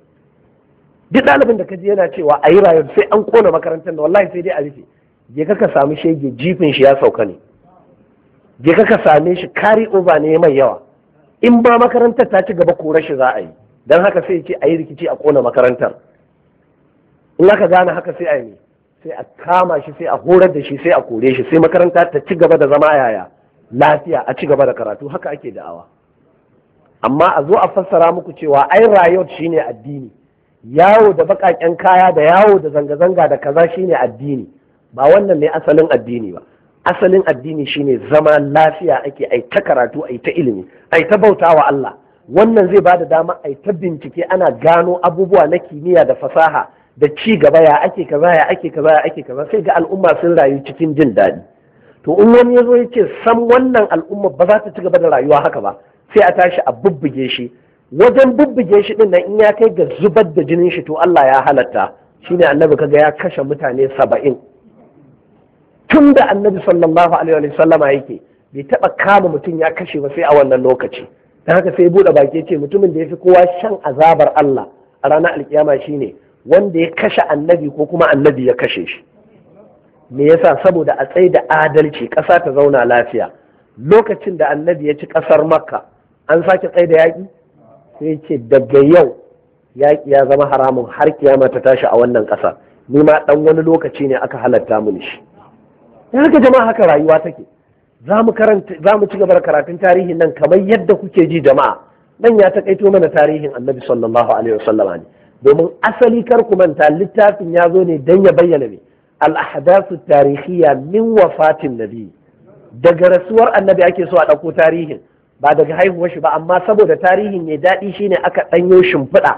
duk ɗalibin da ka ji yana cewa a yi rayuwa sai an kona makarantar da wallahi sai dai a rufe je ka sami shege jifin shi ya sauka ne je ka same shi kari over ne mai yawa in ba makarantar ta ci gaba ko rashi za a yi dan haka sai ce a yi rikici a kona makarantar in aka gane haka sai a yi sai a kama shi sai a horar da shi sai a kore shi sai makaranta ta ci gaba da zama yaya lafiya a ci gaba da karatu haka ake da'awa amma a zo a fassara muku cewa ai rayuwa shine addini yawo da baƙaƙen kaya da yawo da zanga-zanga da kaza shine addini ba wannan ne asalin addini ba asalin addini shine zama lafiya ake aita karatu aita ilimi aita ta wa Allah wannan zai ba da dama aita bincike ana gano abubuwa na kimiyya da fasaha da ci gaba ya ake kaza ya ake kaza ya ake kaza sai ga al'umma sun rayu cikin jin daɗi to in wani ya zo ya ce san wannan al'umma ba za ta ci gaba da rayuwa haka ba sai a tashi a bubbuge shi wajen bubbuge shi din nan in ya kai ga zubar da jinin shi to Allah ya halatta shine annabi kaga ya kashe mutane saba'in tun da annabi sallallahu alaihi wa sallama yake bai taɓa kama mutum ya kashe ba sai a wannan lokaci dan haka sai buɗe baki ce mutumin da ya fi kowa shan azabar Allah a ranar alkiyama shine wanda ya kashe annabi ko kuma annabi ya kashe shi me yasa saboda a tsaye da adalci ƙasa ta zauna lafiya lokacin da annabi ya ci ƙasar makka an sake tsaye da yaƙi sai ce daga yau ya zama haramun har kiyama ta tashi a wannan ƙasa ni ma ɗan wani lokaci ne aka halatta muni shi ya haka jama'a haka rayuwa take za mu ci gaba da karatun tarihin nan kamar yadda kuke ji jama'a nan ya takaito mana tarihin annabi sallallahu alaihi wasallama ne domin asali kar ku manta littafin ya zo ne dan ya bayyana ne al-ahdathu tarihiyya min wafatin nabi daga rasuwar annabi ake so a ɗauko tarihin ba daga haihuwar shi ba amma saboda tarihin mai daɗi shine aka ɗanyo shimfiɗa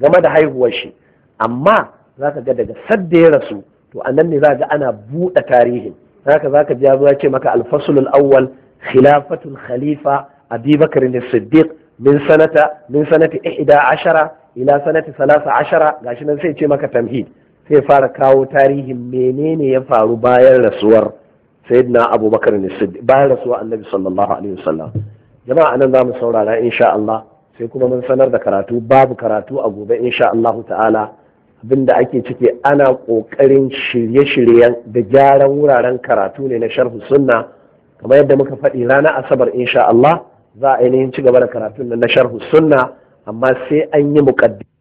game da haihuwar shi amma za ka ga daga sadda ya rasu to a nan ne za ga ana buɗe tarihin haka za ka ji ya ce maka alfasulul awwal khilafatul khalifa abubakar ne siddiq min sanata min sanati ihda ashara ila sanati salasa ashara gashi nan sai ce maka tamhid sai fara kawo tarihin menene ya faru bayan rasuwar sayyidina abubakar ne siddiq bayan rasuwar annabi sallallahu alaihi wasallam jama'a anan za mu saurara insha Allah sai kuma mun sanar da karatu babu karatu a gobe insha Allah ta'ala abinda ake ciki ana kokarin shirye-shiryen da gyaran wuraren karatu ne na sharhu sunna kamar yadda muka faɗi ranar asabar insha Allah za a ainihin ci gaba da karatun na sharhu sunna amma sai an yi